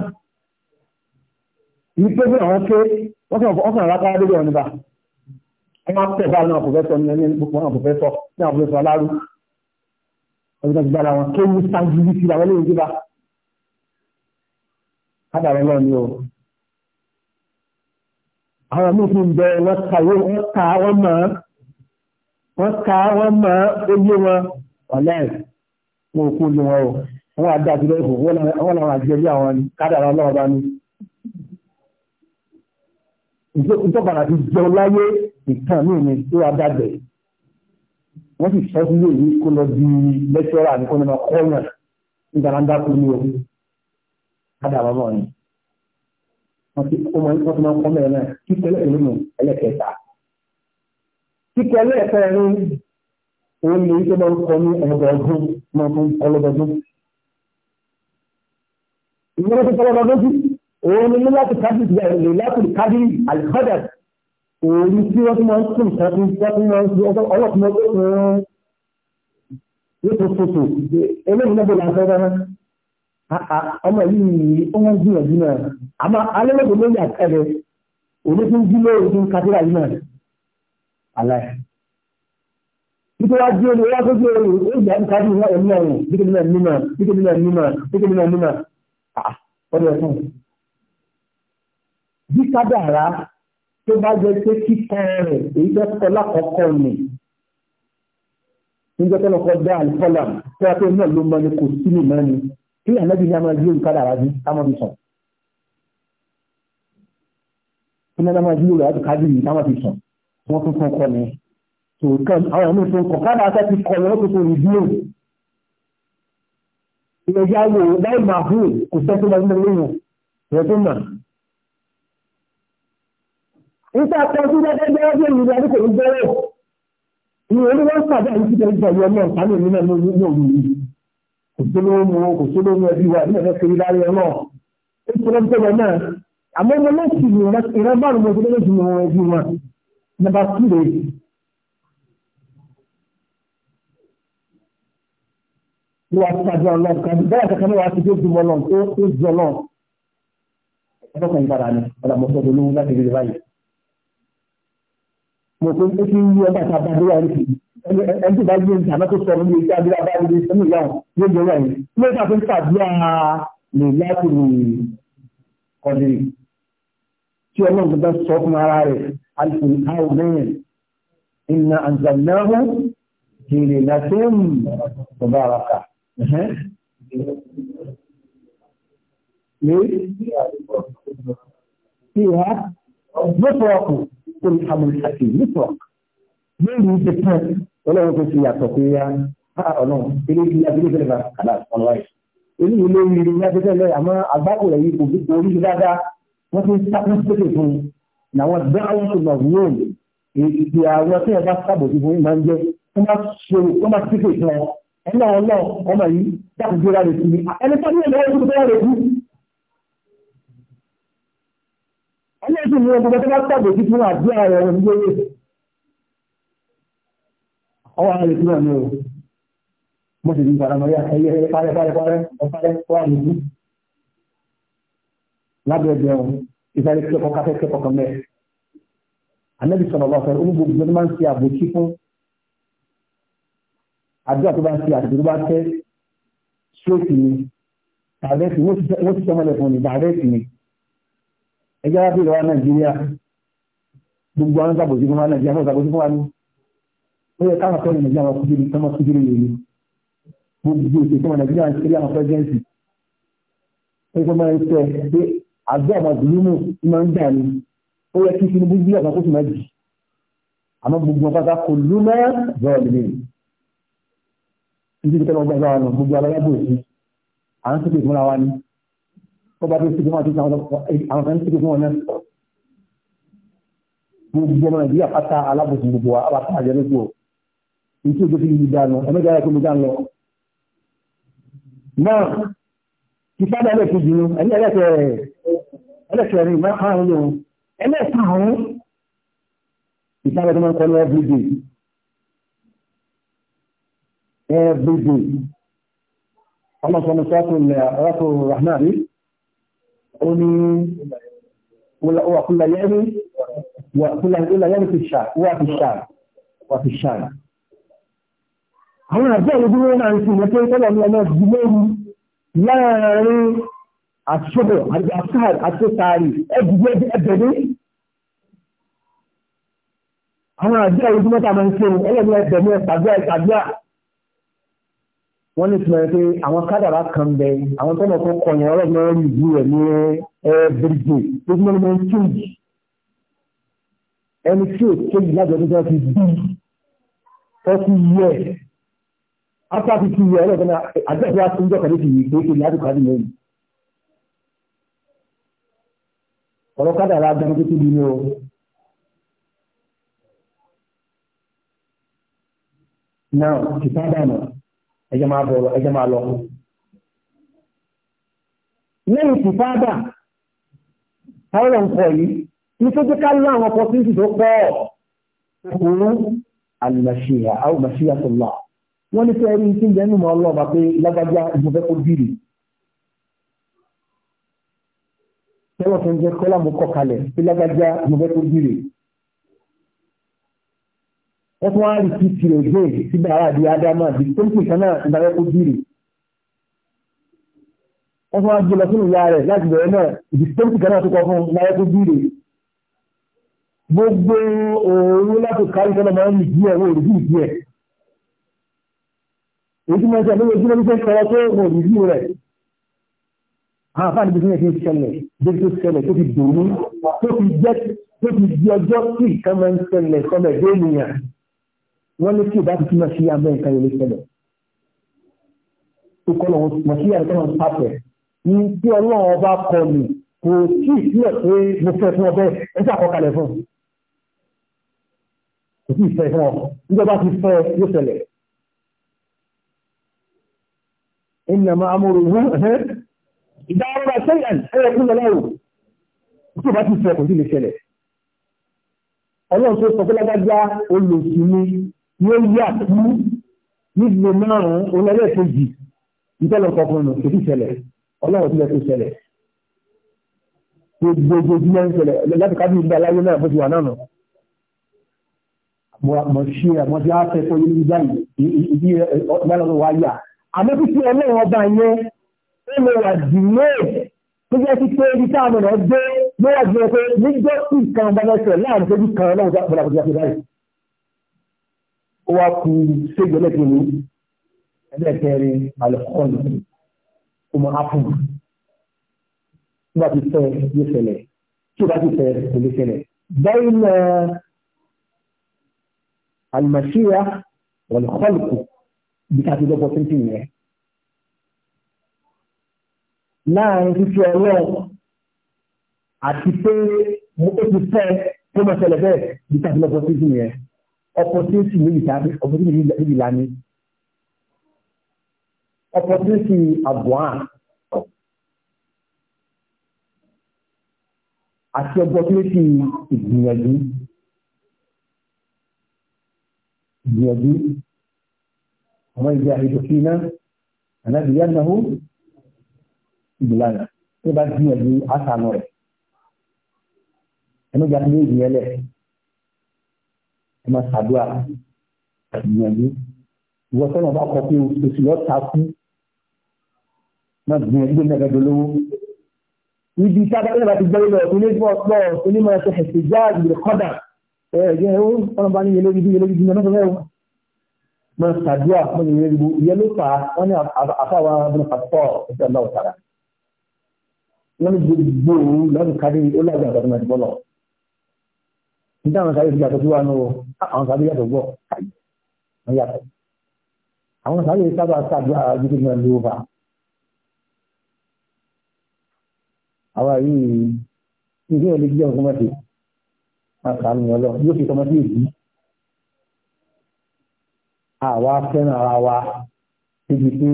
ìlú pé àwọn pé wọ́n kàn wọ́n kàn rákà lórí ọ̀nà bá. wọ́n tẹ̀ báyìí náà pòfẹ́sọ ní ẹni pòfẹ́sọ ní àwọn pòfẹ́sọ alárú. ọdún tó ti gbára wọn kéwú àwọn míì fi ń bẹ wọ́n ka wọ́n ka wọ́n mọ̀ wọ́n ka wọ́n mọ̀ oyé wọn ọ̀lẹ́ wọn ò kú lu wọn o wọ́n á dá sílẹ̀ ìfò wọ́n làwọn àjẹrí àwọn ni kádàrá ọlọ́wọ́ bá ní. ìjọba àti jẹun láyé ìtàn míì ni tó wá dàgbẹ̀ wọ́n sì sọ sílé ìwé kó lọ di lẹ́tọ́rà ní kó lọ́nà kọ́ọ̀nà ìgbàlá ń dákú ní o kádàrá ọlọ́wọ́ ni wọ́n ti máa kọ́ mẹ́rin náà kíkẹ́ lẹ́kẹ̀ẹ́ nínú ẹlẹ́kẹ̀ẹ́ta. kíkẹ́ lẹ́kẹ̀ẹ́rin òun ni tó máa ń kọ́ ní ọlọ́dọọdún máa ń kọ́ lọ́dọọdún. ìyẹn tó kọ́ lọ́dọọdún òun ni láti kábí ìyàwó láti kábí àlùfáàdà òun tí wọ́n ti máa ń kún ìtàkùn wọ́n ti máa ń fi ọlọ́pàá yóò tó fòtò eléyìí náà bó la ń fẹ́ ọmọ yìí ni ó wọ́n gbìyànjú náà àmọ́ alẹ́lẹ́gbẹ̀ẹ́ lórí àtẹ́rẹ olóṣù ń gílé ojú kátírà yìí náà aláì nítorí ajé olè wá tó gbé ìgbà ń kájú wọn ẹ̀mí ọ̀rùn bíkẹ́bí náà nímọ̀ bíkẹ́bí náà nímọ̀ bíkẹ́bí náà nímọ̀ ọdún ẹ̀sán bí kádàrá tó bá jẹ pé kíkọ rẹ̀ èyí tó kọ lákọ̀ọ́kọ́ ni níjọ́ tó lọ́kọ́ dá àlùfọ́là tó yà pé náà ló mọ ni kò sí nìmọ́ ni kí ànábì ní a máa jíròrò kádàrá sí támọ́bí sàn kí náà máa jíròrò láti kábìrì támọ́bí sàn wọ́n tún fún kọ́ ni tòótọ́ àwọn ọmọ ìfún kọ̀ kádà sẹ́ ti kọ̀ lọ́wọ́ tuntun ní dúró ilẹ̀ ìyá wo láì máa hù kò sẹ́ tó lọ́wọ́ lóyún rẹ̀ tó mà nígbà kan tí wọ́n tẹ́gbẹ́ ìlú ìlú àdúgbò ń ìwé ni wọ́n pàdé àyíkí tẹ̀lé ìgbà yọ náà kò tó ló mú kò tó ló mú ẹbí wa ní ẹ̀fẹ́ kiri lárí ẹ̀ náà ó ti rẹ́ tẹ́lẹ̀ náà àmọ́ ẹni lẹ́sì ni ìrẹ́ bá lùmọ̀ tó lẹ́sì ni ẹbí wọn nípa kúrè. ní wàá ti pàdé ọlọ́run kan bẹ́ẹ̀ kankan ní wàá ti tó dùn ọlọ́run tó tó dùn ọlọ́run ẹ̀fọ́ kan ìpadà ni ọ̀dà mọ̀tọ́ olówó láti ń yí ọgbà tá a bá dé wà ní kìí ẹni tó bá gbé ní àná tó sọ ní iṣẹ́ abúlé abáyé ní ìṣẹ́ níyàwó yóò jẹ́ wọ̀nyí ilé ìta tó ń tàbíà lè láti lè kọ́ni tí ọlọ́run tó bá sọ fún ara rẹ̀ alùpùpù káwọ́ mẹ́rin iná àǹtànáhù kiri láti ń bọ̀bá ara kà. Fíhá nítorí ọkùnrin tó ní àmì àti nítorí lórí ìdẹ́pẹ́ ọlọ́run tó ti yàtọ̀ pé yá ọlọ́run eléyìí abílẹ̀ fẹ́lẹ̀ bá kàdà ọlọ́run eléyìí ló rí rí abẹ́fẹ́ lẹ́yìn àmọ́ agbáko rẹ̀ yìí kò fi kò rí dáadáa wọ́n ti ń sápẹ́ sókè fún un làwọn dáhùn tó lọ wúrò èdè àwọn tí wọ́n bá sábòtì fún un máa ń jẹ́ wọ́n bá ṣe wọ́n bá síkè fún ọ ẹ̀nà ọlọ́ ọmọ yìí dáàbò gbéra rẹ̀ sí ẹni tó ní ẹ̀dọ́ ọdún tó bá tó ní ọdún tó fún àdúrà rẹ̀ ọwọ́ ààrẹ tí náà ní o mo sì ní ìgbàlámọ́rí ẹyẹ parẹ́ parẹ́ parẹ́ ọparẹ́ tó wà nìyí lábẹ́ ẹgbẹ́ wọn ìsáré kẹ́kọ̀ọ́ káfẹ́ kẹ́kọ̀ọ́ kan mẹ́rin ànábì sọ̀rọ̀ lọ sọ̀rọ̀ oníbo gbogbo tó máa ń ṣe àbòsí fún àdúrà tó bá ń ṣe àti tó bá tẹ́ ṣóòtì ni dàrẹ́tì wọ́n ti sọmọlẹ̀ fún ni dàrẹ́tì ni ẹjọ́ wá bí ìrọ̀wá Nàìjíríà gbogbo àwọn ìsàbòsí fún wa Nàìjíríà fún ìsàbòsí fún wa ni ó yẹ káwọn fẹ́ràn nàìjíríà wọn kújú tọmọ kújú lè ní gbogbo òṣè tọmọ nàìjíríà ń ṣeré àwọn pẹ́sidẹ́ǹtì ó yẹ kó máa ń sọ pé àgbẹ̀ àwọn àdúgbò ní máa ń gbà ní ó yẹ kí Tinubu bí ọ̀sán kó sì máa jì àmọ́ gbogbo ọ̀pátá kò lú mẹ́ bọ́ọ̀lù ní ìdí ìtọ́lọ́ gbàgbà wọn gbogbo aláyábò sí à ń sèpè fúnra wa ní ó bá eh, gbogbo ọmọ nàìjíríà pátá alábòsí gbogbo wa àbàtà àjẹlógbò ìtí òjò fi yìí dànù ẹ̀mẹ́gbẹ̀rẹ̀ ẹ̀kọ́ mi dànù. náà kí fádà ẹlẹ́kejì ni ẹni ẹlẹ́kẹrin máa hàn ní òun ẹlẹ́kàrún ìsáàbẹ̀ tó máa ń kọ́ ní everyday everyday ọlọ́sọ̀nù sọ́tò ilẹ̀ ọ̀rọ̀tò rahman ó ní wàkúlà yẹ́rì wàkúlà yẹ́rì fi ṣà wà fi ṣà wà fi ṣà àwọn àjẹ́ ìlú wọn náà ń fi ìwọ̀n tó ń tọ́lọ̀ ní ọmọ ìdílé ní láàárín àṣọ́bọ̀ àṣàr àṣẹ́sàárì ẹgbẹ̀rẹ́ àwọn àjẹ́ ìlú mẹ́ta máa ń ṣe ẹlẹ́gbẹ̀ẹ́ ẹgbẹ̀rẹ́ ẹgbàgbà ẹgbàgbà wọ́n ní túnmọ̀ pé àwọn kádàrá kan bẹ àwọn tọ́lọ̀ tó kọyàn ọlọ́gbọ̀n rí ìlú rẹ̀ ní ẹgbẹ̀rẹ̀ tó tún mọ́ ẹni tí ò kéjì lájọ́ tó fi bí 30 years after fifty years ọlọ́dọ̀ náà àgbẹ̀fẹ́ wa tún jọ́kọ̀ níbi ìgbé kiri àdúgbò àdúgbò lẹ́yìn. ọ̀rọ̀ kádàrá agbára tó tóbi ni o. náà kìtá dànù ẹ̀jẹ̀ máa bọ̀ ẹ̀jẹ̀ máa lọ. lẹ́yìn kìtá dà táwọn ọ̀nkọ̀ yìí nítorí ká àwọn ọkọ̀ tó ń tó pọ̀ wọ́n ní fẹ́ẹ́ rí tí ń bẹ́ẹ̀ mọ̀ ọlọ́ọ̀bà pé lágbájá ìjọba kó bìrì tẹ́wọ̀ tó ń jẹ́ kọ́lá mú kọ̀ kalẹ̀ pé lágbájá ìjọba kó bìrì wọ́n tún wá rí kí tìrò dé síbi ara àbí ádámà àbí tó ń pè sánà ìjọba kó bìrì wọ́n tún wá gbé lọ sínú ìyá rẹ̀ láti bẹ̀rẹ̀ náà ìdí tó ń pè sánà tó fún ìjọba kó bìrì gbogbo òórùn láti kárí sọ́nà máa ń ojúmọ́ ẹ̀sẹ̀ lórí ojúmọ́ ní sẹ́kọ̀ọ́ tó wọ̀ rìbí rẹ̀ àwọn afáàní bíi ṣe ń ṣẹlẹ̀ bí tó ṣẹlẹ̀ tó fi dòní tó fi jẹ́ tó fi di ọjọ́ tí nǹkan máa ń ṣẹlẹ̀ sọmẹ̀ dé ènìyàn wọ́n ní kí ìbá tuntun máa ṣe abẹ́ nǹkan ilé ṣẹlẹ̀ tó kọ́ lọ́wọ́ mọ̀ sí àyẹ̀kọ́ náà pàṣẹ ní tí ọlọ́run ọba kọ ni kò tí ì sílẹ̀ pé mo fẹ́ fún ọbẹ̀ ẹ ṣàkọkalẹ̀ fún kò tí ì fún ọ níjọba ti fẹ́ yóò ṣẹlẹ̀ إنما أمره إذا أراد شيئا أن يقول له tó bá ti sọ kò sí lè ṣẹlẹ̀ ọlọ́run tó sọ pé lágbájá olùsí ni yóò yà kú nílò márùn-ún olóyè kejì ìtọ́lọ̀ kọkùnrin nù kò sí ṣẹlẹ̀ ọlọ́run tó yẹ kó ṣẹlẹ̀ gbogbo ojúmọ́ ń ṣẹlẹ̀ láti kábí ìgbà aláyé náà bó ti wà náà nù mo ṣe àmọ́ tí a fẹ́ kó yé ní báyìí ìdí ọ̀gbọ́n wa yà àbẹ́bí tí ọlọ́run ọba yẹn ó lè wà dìlé tó jẹ́ sí pé ibi táwọn ọ̀nà gbé ló wà jẹ́ pé níjọ́ nǹkan ọba lẹ́sẹ̀ láàrin tó bí kan ọlọ́run tó padà bọ̀dọ̀ báyìí. ó wá ku ségbè lẹ́kìnní ẹlẹ́kẹrin alẹ́kọ́ọ̀nù ọmọ apu nígbà tí fẹ́ yóò ṣẹlẹ̀ tí bá ti fẹ́ kò lè ṣẹlẹ̀. báyìí náà alùmọ̀ṣíyà wọ̀lùkọ́lùkù bí ká ti lọ́pọ̀ títì yẹn. Láàárín fífi ọlọ́run àti pé mo ó ti fẹ́ tó máa ṣẹlẹ̀ bẹ́ẹ̀ bí ká ti lọ́pọ̀ títì yẹn. Opportunity méjì tàbí opportunity méjì lání. Opportunity àbúrà àti opportunity ìgbìyànjú. Ìgbìyànjú. ومن يجاهد فينا لنبينه ìgbìlànà tó bá gbìyànjú àṣàánú rẹ̀. ẹnu ìjà ilé ìgbìyàn lẹ̀ ẹ máa ṣàdúrà gbìyànjú ìwọ sọ́nà bá kọ pé oṣù lọ́ ta kú máa gbìyànjú lónìí ẹ̀gbẹ́ lówó. ibi tí abẹ́rẹ́ bá ti gbọ́ lọ tó ní bọ́ pọ̀ tó ní máa ṣe ẹ̀sìn jáàdì rẹ̀ kọ́dà ẹ̀ẹ́dẹ́gbẹ̀rún ọ̀nà bá ní yẹlẹ́bí yẹlẹ́bí mọ sàdúrà mọ ìwé ìlú ìyẹn ló fà á wọn ní àfàwọn abúlé pàṣípọ̀ ìṣẹ́ ọ̀la ọ̀tara wọn ní gbogbo òru lọ́dún kárí ó lágbà àgbàdo náà bọ́lọ̀ níta àwọn sáré ìgbà tó ti wà nù àwọn sáré yàtọ̀ gbọ́ wọn yàtọ̀ àwọn sáré sábà sàdúrà gidi náà ló fà àwa yìí ìdí ẹ̀ lè àwa fẹ́ràn ara wa níbi pé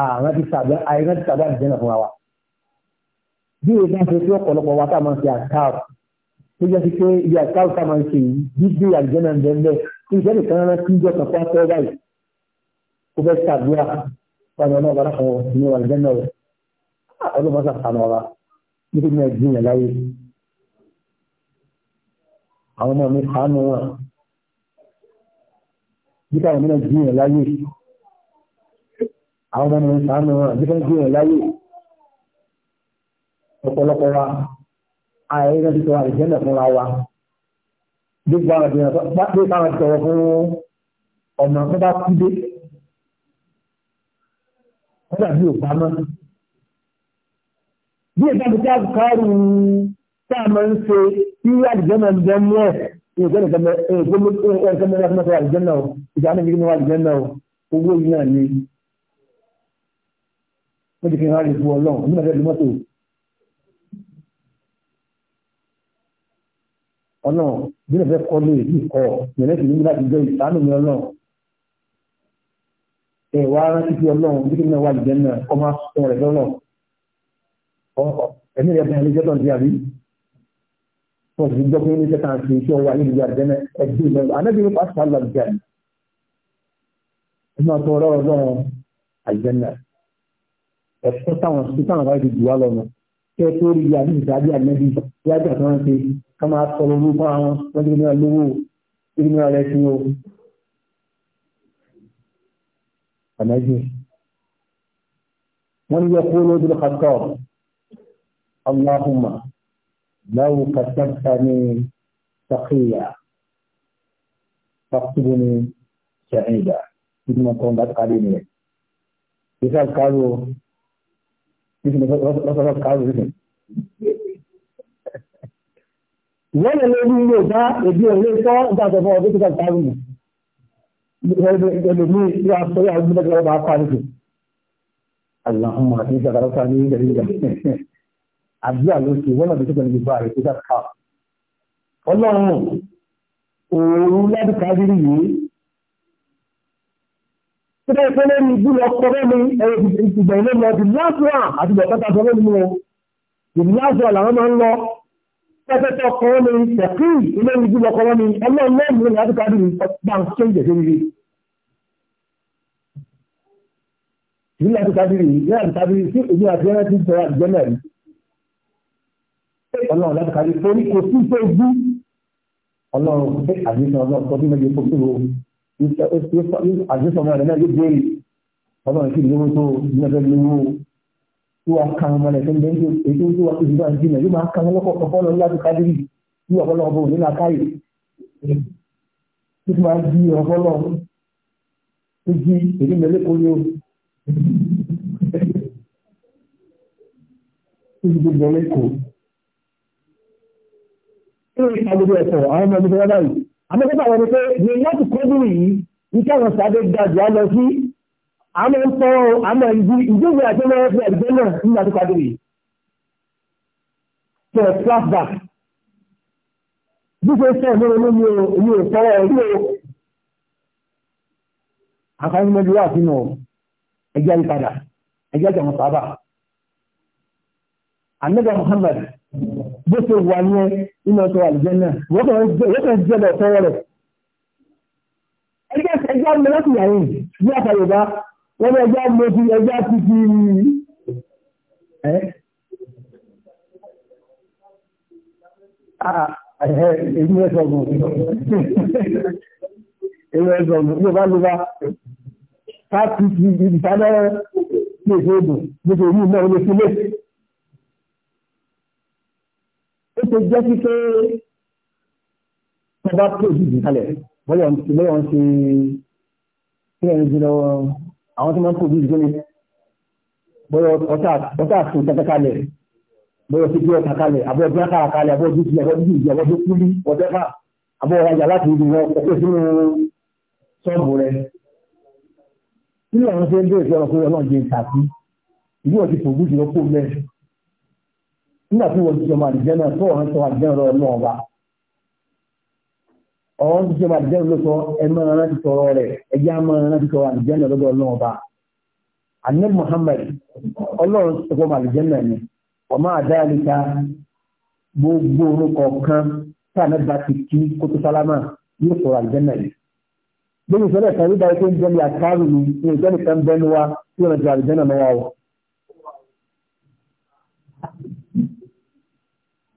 àrùn ti sàgbà àìrán ti sàgbà ìjẹ́nà fúnra wa. bí èyí náà ṣe pé ọ̀pọ̀lọpọ̀ wa táwọn ṣe àkáàrù tó jẹ́ sí pé ibi àkáàrù táwọn ṣe yìí gbígbé àìjẹ́nà ń bẹ́ẹ̀ ìjẹ́ nìkan rárá kí ìjọ kan pátá ẹ̀ báyìí kó fẹ́ sàdúrà wọn náà bá láwọn ní àìjẹ́nà rẹ̀ ah, ọlọ́mọṣà sànù ọ̀la nítorí náà jìyàn láyé àwọn ọmọ mi sànù wọn díkà àwọn mìíràn jiyàn láyé àwọn ọmọ mìíràn sàánù wọn díkà jiyàn láyé ọ̀pọ̀lọpọ̀ wa ààrẹ náà ti sọ àìjẹ́nà fúnra wa gbogbo àwọn ìdènà bá pé káwọn ti sọ̀rọ̀ fún ọmọ tó bá kú dé wọ́n dàbí ò pamọ́ bí ìgbà tí a kọ́ ọ́rùn tá a máa ń ṣe irú àdìjẹ́nà ń bẹ́ mú ẹ̀ ní ìgbẹ́ni ẹ̀ẹ́dẹ́gbẹ́ni ẹ̀ẹ́dẹ́gbẹ́ni àlùjẹ́nà o ìjà ní ìgbẹ́ni àlùjẹ́nà o owó yìí náà ni wọ́n ti fi hàn lè fún ọlọ́run nínú ẹ̀ẹ́dẹ́gbẹ́ni mọ́tò ọ̀nà bí ẹ̀fẹ́ kọ́ lè rí kọ́ ìrẹ́lẹ́ sì ní láti jẹ́ ìsánù ní ọlọ́run ẹ̀ wá rántí sí ọlọ́run bí kí ní wà àlùjẹ́nà ọmọ àṣọ rẹ̀ lọ́rọ̀ ẹ̀mí rẹ̀ bẹ̀rẹ̀ lẹ́jọ́ wọn sì gbọ́ pé ní sẹ́ta àti iṣẹ́ ọwọ́ ayélujára jẹ́nẹ́ ẹgbẹ́ ìlú anábì ní pàṣípàá lọ jẹ́ ẹ máa tọrọ ọlọ́run àjẹ́nà ẹ̀kọ́ táwọn sí táwọn bá ti jù wá lọ́nà kẹ́ tó rí ibi àti ìdájí ànábì yájà tó ń ṣe ká máa tọrọ owó fún àwọn wọn ti ní ọlọ́wọ́ ti ní ọrẹ sí o. Ànábì wọ́n ní yẹ kó lójú lọ́kàtọ̀ Allahumma. لو كتبتني تقيا فاكتبني سعيدا ثم كون قد قليلين مثال قالوا مثل قالوا مثل wọ́n lè ní ilé ìdá èdè òwe tọ́ ìdájọba ọdún tó kàtà rú ẹlòmí tí a sọ yà ọdún tó kàtà rú bá pàdé Allahumma àti ìjàkàtà ní ìjàkàtà àdúrà lókè wọ́n náà tó gbẹ̀rẹ̀ gbà rẹ̀ tó dá ká. ọlọ́run òòrùn ládùúkà rírì yìí tó dá ìpẹ́ lẹ́nu ibú lọ kọ́ lẹ́nu ẹ̀rọ ìgbà ilé lọ di lásùwà àti ìgbà pátá sọ lẹ́nu wọn di lásùwà làwọn máa ń lọ pẹ́pẹ́tọ́ kọ́ lẹ́nu tẹ̀kí ilé ibú lọ kọ́ lẹ́nu ọlọ́run lẹ́nu ládùúkà bá ń ṣe ìjẹ̀ sórí ìlú àti tábìlì ìlú àti sí ìlú àti ẹ̀rẹ́ ọlọ́run láti kárí torí kò sí pé bí ọlọ́run pé àdéhùn ọlọ́run tó bí mẹ́jọ tó kúrò àdéhùn ọmọ rẹ̀ náà yóò béèrè ọlọ́run kì í lówó tó mẹ́fẹ́ lówó tí wàá ka ọmọ rẹ̀ tó ń bẹ́ẹ̀ ètò tí wàá tóbi bá ń jìnà yóò máa ka wọn lọ́kọ̀ọ̀kan fọ́ọ̀lọ́ láti kárí bí ọ̀pọ̀lọpọ̀ òní là káyè tí máa di ọ̀pọ̀lọ tó di èdè mẹ́lẹ́kọ̀ọ́ yóò tó di gbogbo mẹ́lẹ́kọ̀ọ́. ní agbègbè ẹ̀fọ́ àwọn ọmọ àmọ́ ń tọ́ àmọ́ ìdí ìdíje àti ọmọ ẹgbẹ́ ẹgbẹ́ náà bó ṣe wà ní ẹ nínú ọ̀tọ̀ àlùjẹ́nà wọ́n kàn jẹ́lẹ̀ ọ̀tọ́ rẹ̀. ẹgbẹ́ ẹgbẹ́ ọmọ láti yàrá yìí ní àtàyèbá wọ́n ní ẹgbẹ́ ọmọ ojú ẹgbẹ́ ti fi ah, èmi ẹ sọ̀rọ̀ èmi ẹ sọ̀rọ̀ ní ọba ló bá ká ti fi ìdìtánná lè ṣe é dùn nítorí náà ó lè ó ti jẹ́ sí pé wọ́n tó òjijì kalẹ̀ bọ́lá ń ṣe bọ́lá ń ṣe kí ẹni jùlọ àwọn tó máa ń tó òjijì gbóni bọ́lá ọ̀tá àti ìtẹ́tẹ́ kalẹ̀ bọ́lá ti gbé ọ̀tá kalẹ̀ àbọ̀ ọdún akára kalẹ̀ àbọ̀ ọdún ti àbọ̀ ọdún ti àbọ̀ ọdún kúlí ọdún ẹ̀fà àbọ̀ ọ̀rajà láti ibi wọn ọkọ̀ sínú ṣọ́ọ̀bù rẹ̀ nínú àwọn tó ń bẹ̀rẹ̀ sí ọ̀rọ̀ pé nígbà tí wọ́n jọmọ àdìjẹ́ náà tó ọ̀rán tó àdìjẹ́ rọ náà wá ọ̀rán tó jọmọ àdìjẹ́ ló sọ ẹmọ́ ara ti tọrọ rẹ̀ ẹjẹ́ àmọ́ ara ti tọrọ àdìjẹ́ náà lọ́dọ̀ náà wá anil Muhammad ọlọ́run tó kọ́ àdìjẹ́ náà ni ọmọ àdáyàlíta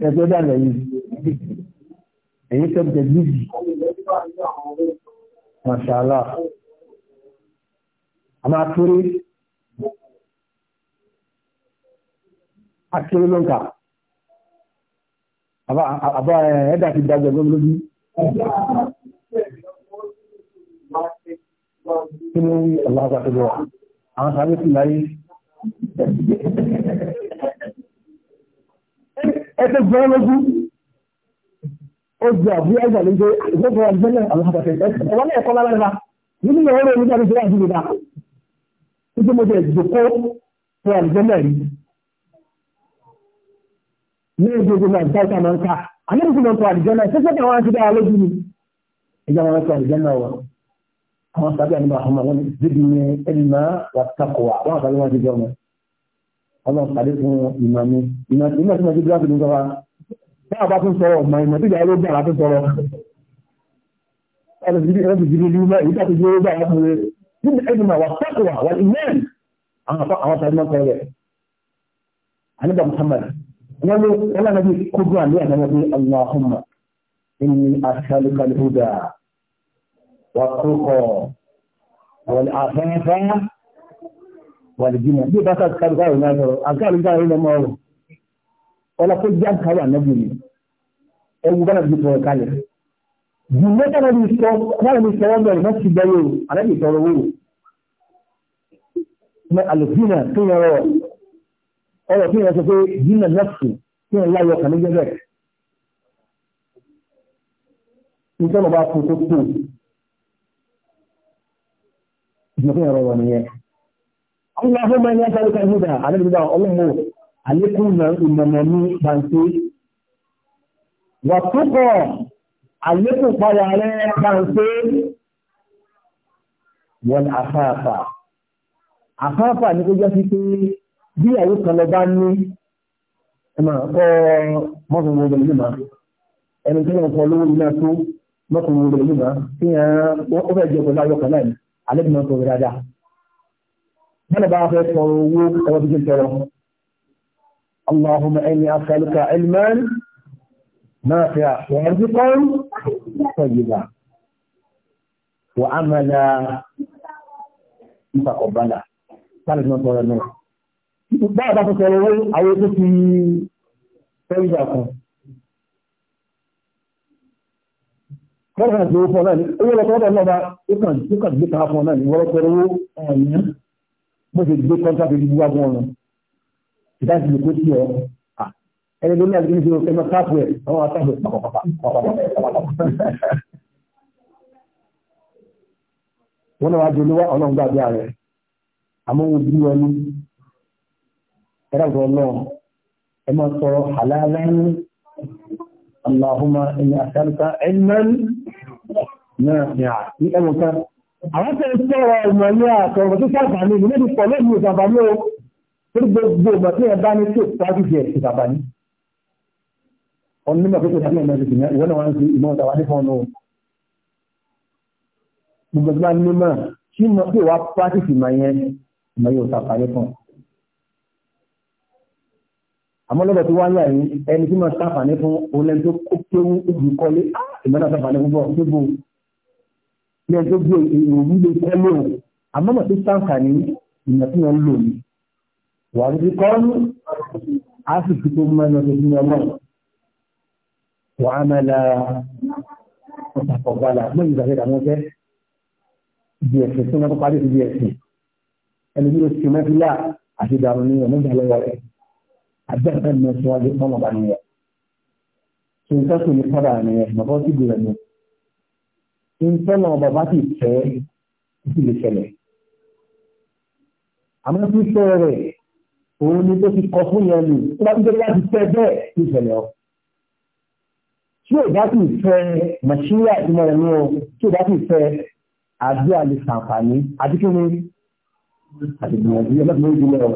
ẹgbẹ́ dànù yìí èyí tó jẹ bíbí màṣàlá a máa kéré akéré ló ń kà àbá ẹ̀dà ti dàgbẹ̀ ló lójú kí ló ń wí ọlọ́pàá tó lọ àwọn sáré láyé ẹsẹ̀ gbọ́n lójú ó gbé àbúrò ẹgbà ló gbé àgbẹ̀fọ́ àgbẹ̀lẹ̀ àwọn àpàtẹ ẹ̀wọ́n náà ẹ̀kọ́ lára rẹ̀ nínú ìyàwó rẹ̀ nígbà tó ṣe láti lè dá títí mo jẹ́ ìdòkó fún àgbẹ̀lẹ̀ rí ní èdè gbogbo àgbẹ̀ta máa ń ká àlejò tó máa ń tọ́ àdìjọ́ náà ṣẹ́ṣẹ́ kí àwọn àti dára lójú ni ẹjọ́ wọn tọ́ àdìjọ́ náà wọ̀ àwọn sábẹ́ àníbà àwọn ọmọ wọn ní ọlọ́run pàdé fún ìmọ̀ mi ìmọ̀ tí mo ti gíláàsì ní sọ́ra bí a bá tún sọ̀rọ̀ ọmọ ìmọ̀ tí ìyàwó gbà látún sọ̀rọ̀ ẹlẹ́sìn ìdílé ní ìmọ̀ ìdílé tí ìyàwó gbà látún sọ̀rọ̀ nínú ẹgbẹ̀mọ̀ wà sákòwà wà ìmọ̀ àwọn tàbí mọ́ sọ̀rọ̀ anábà Muhammad wọ́n ló wọ́n lọ́nà bí kójú inni as'aluka al-huda wà kókò wal afẹ́fẹ́ wàlìjìnà bí bá sá kárù kárù náà sọ̀rọ̀ àkárù kárù náà mọ̀ ọ̀rọ̀ ọlọ́pọ̀ já ń kárù ànábì ni ẹwù bá nàbí sọ̀rọ̀ kalẹ̀ jù mẹ́ta náà ní sọ kárù ní sọ̀rọ̀ mẹ́rin má ti gbẹ́yẹ̀ o ànábì sọ̀rọ̀ wò mẹ àlùfínà tó yẹn rọ ọ̀rọ̀ tó yẹn sọ pé jìnà nọ́ọ̀sì tó yẹn láyọ̀ kàn ní gẹ́gẹ́ nítorí ọba fún tó tó ìjọba ya اللهم إنا نسألك الهدى على الهدى اللهم عليكم إمامي بانسي والتقى عليكم طيالين بانسي والعفافة عفافة نقول جاسي bí àwọn kan lọ bá ní ẹmà kọ́ mọ́kànlélógún ọdún nígbà ẹni tí wọ́n kọ́ lówó iná tó mọ́kànlélógún ọdún nígbà tí wọ́n fẹ́ jẹ́ pẹ̀lú ayọ́kọ̀ náà alẹ́bìnrin tó rí dáadáa mọ́nà bá fẹ́ sọ̀rọ̀ owó ẹwọ́ bí jẹ́ اللهم إني أسألك علما نافعا ورزقا طيبا وعملا متقبلا ثالث ما صار النور بعد ما صار النور عاوز في طيبا kọ́rọ̀ náà ti owó fún ọ náà bá ó kàn gbé kan fún ọ náà ni bó ṣe gbé kọ́ńtà tó gbígbá gan ọ̀run ìdájọ́ ìlú kó sí ọ ẹni tó ní àgbẹ̀ ìṣòro ẹni táàpù ẹ̀ ọwọ́ àtàbù pàpàpàpà wọn náà wá di olówó ọlọ́run gbàgbé ààrẹ àmọ́ wọn bí wọn ní ẹ̀rọ ọlọ́run ẹ máa sọ̀rọ̀ àlàálá ní Allahumma ẹni àṣàlùkà ẹni náà ní ẹ̀wọ̀n kan àwọn tẹ̀ ń sọ̀rọ̀ ìmọ̀ ní àtọ̀rọ̀ tó sàǹfààní ìlú níbi pọ̀ lẹ́yìn ìsàǹfààní o torí gbogbo ìmọ̀ tí ẹ bá ní tó pàdé jẹ ìsàǹfààní. ọ̀n nígbà tó tẹ̀sán ìmọ̀ ìsìn ìwọ náà wá ń fi ìmọ̀ ìtàwá nípa ọ̀nà gbogbo ìgbà nímọ̀ tí mo pè wá pàdé ìmọ̀ yẹn ìmọ̀ yóò sàǹfààní fún àmọ́ lọ́dọ̀ tó wáyé àyè ẹni tí mo sàǹfààní fún olẹ́ni tó kéwú ìdíkọ́lé ìmọ̀ náà sàǹfààní fún ní ẹjọ́ bí òwú lè tẹ́ lóhùn àmọ́ mọ̀ tó sáǹkà ní ìmọ̀ tí wọ́n lò ní. wà á ti kọ́ ní àsìkò tó máa ń lọ sí ọlọ́run wà á máa la ọ̀tàkọ̀gbàlà mọ́ ìgbà rẹ̀ àwọn ọjọ́ bí ẹ̀sìn tí wọ́n kọ́ parí bí ẹ̀sìn ẹni bí ó ti mẹ́fílà àti ìdààmú ní ọmọ ìgbà lọ́wọ́ rẹ̀ àbẹ́ẹ̀fẹ́ mi ṣe ń tẹ́kùn ní ìtọ́nà bàbá ti fẹ́ sí lè ṣẹlẹ̀. Àmọ́ tí fẹ́ rẹ̀ òun ni tó ti kọ fún yẹn lù tó bá gbé láti fẹ́ bẹ́ẹ̀ ní ìṣẹ̀lẹ̀ ọ. Tí ò bá ti fẹ́ Màṣíríà ìmọ̀ rẹ̀ ní ọ, tí ò bá ti fẹ́ àbí àlè sàǹfààní àti kí ni àtìgbìyànjú ẹlẹ́gbẹ̀ẹ́ ojú lọ.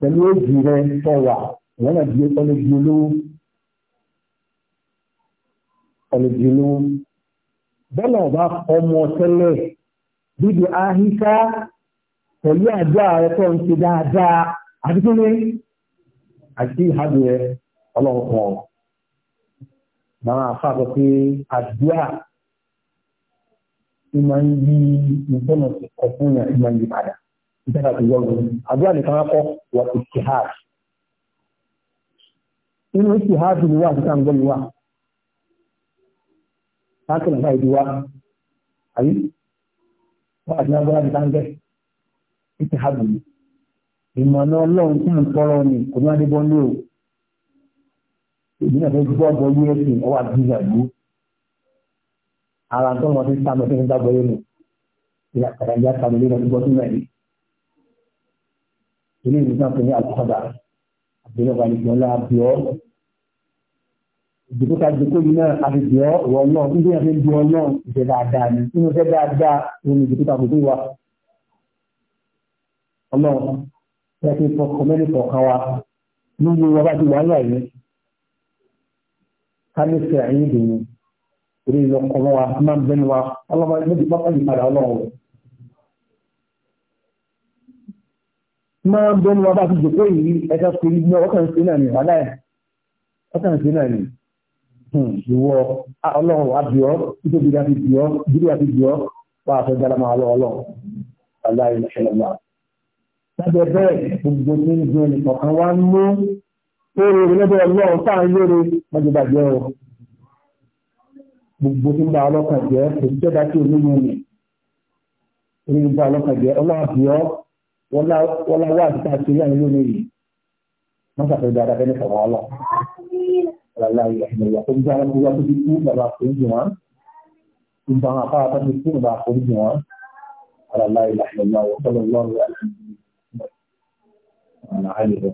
Pẹ̀lú èjì rẹ̀ tọ̀wà, ìwọ́n náà di ọlẹ́gbẹ̀ẹ́ olówó. Ọlẹ́gbẹ̀ẹ́ olówó bọ́lá ọba ọmọ tẹ́lẹ̀ bíbi ahíká pẹ̀lú àjọ ààrẹ tó ń ṣe dáadáa àti kí ni àti ìhàbí rẹ ọlọ́run kan náà àfàkọ́ pé àdúrà ti máa ń yí ìgbọ́nà ọ̀fun yẹn ti máa ń yí padà ìjọba ti yọ̀rọ̀ àdúrà nìkan kọ́ wọ́n ti ṣe hajj inú ìṣe hajj ni wà àti sáà ni wà láti nàgbà ìdí wa àbí wọn àti lágbára ti dáńgẹ títí hàbù mi ìmọ̀nà ọlọ́run tí mo tọrọ ni kò ní adébọ́ ní o èmi náà fẹ́ gbọ́ ọgbọ́ yé ẹ̀sìn ọwọ́ àdúgbò àdúgbò ara tó lọ sí sáàmù tó ń dábọ̀ yé mi ìyá kàrà ìyá sáàmù lé lọ sí gbọ́ yìí ilé ìwé náà tó ní àkọ́dà àbẹ̀rẹ̀ wà ní ìgbọ́nlá àbíọ́ ìdìbòta ìdìbò yìí náà àfihàn ọ́ ìwọ náà níbi yẹn fi ń di ọ náà ìjẹ dáadáa ni nínú fẹ́ dáadáa òun ìdìbòta kò tó wa. ọlọ́run ẹ ti fọkàn mẹ́rin kọ̀ọ̀kan wa nínú wọn bá ti wà ní àyè ká ní fẹ́ àyè ìdùnnú orí ìlọ kọ̀ọ̀kan wa máa ń bẹ́ni wa ọlọ́run méjì pápá yìí padà ọlọ́run. máa ń bẹ́ni wa bá ti jòkó yìí ẹ̀ka kiri ní ọkàn sí náà ní ọ̀kàn sí náà ní. Hmm, ìwọ ọlọ́run àbíọ́ nítorí àti bíọ́ jírí àti bíọ́ wà á fẹ́ dára máa lọ ọlọ́run aláìlẹ́sẹ̀lẹ́wà. lábẹ́ bẹ́ẹ̀ gbogbo ní ìgbìmọ̀ nìkan wá ń mú oore lọ́dọ̀ ọlọ́run tá à ń lóore mọ́jọ bàjẹ́ o. gbogbo tí ń bá ọlọ́kàn jẹ́ kò sí jẹ́dá tí olóyún mi. orí ń bá ọlọ́kàn jẹ́ ọlọ́run àbíọ́ wọ́n láwọ́ àti tá a ṣe ìlú mi yìí. wọ́n ṣàfihàn dáadáa fẹ́ aláì àìmọ̀yà tó ń jẹ́ àwọn ìyá tó ti kú bàbá àforíjì wọn gbogbo àwọn afárá tó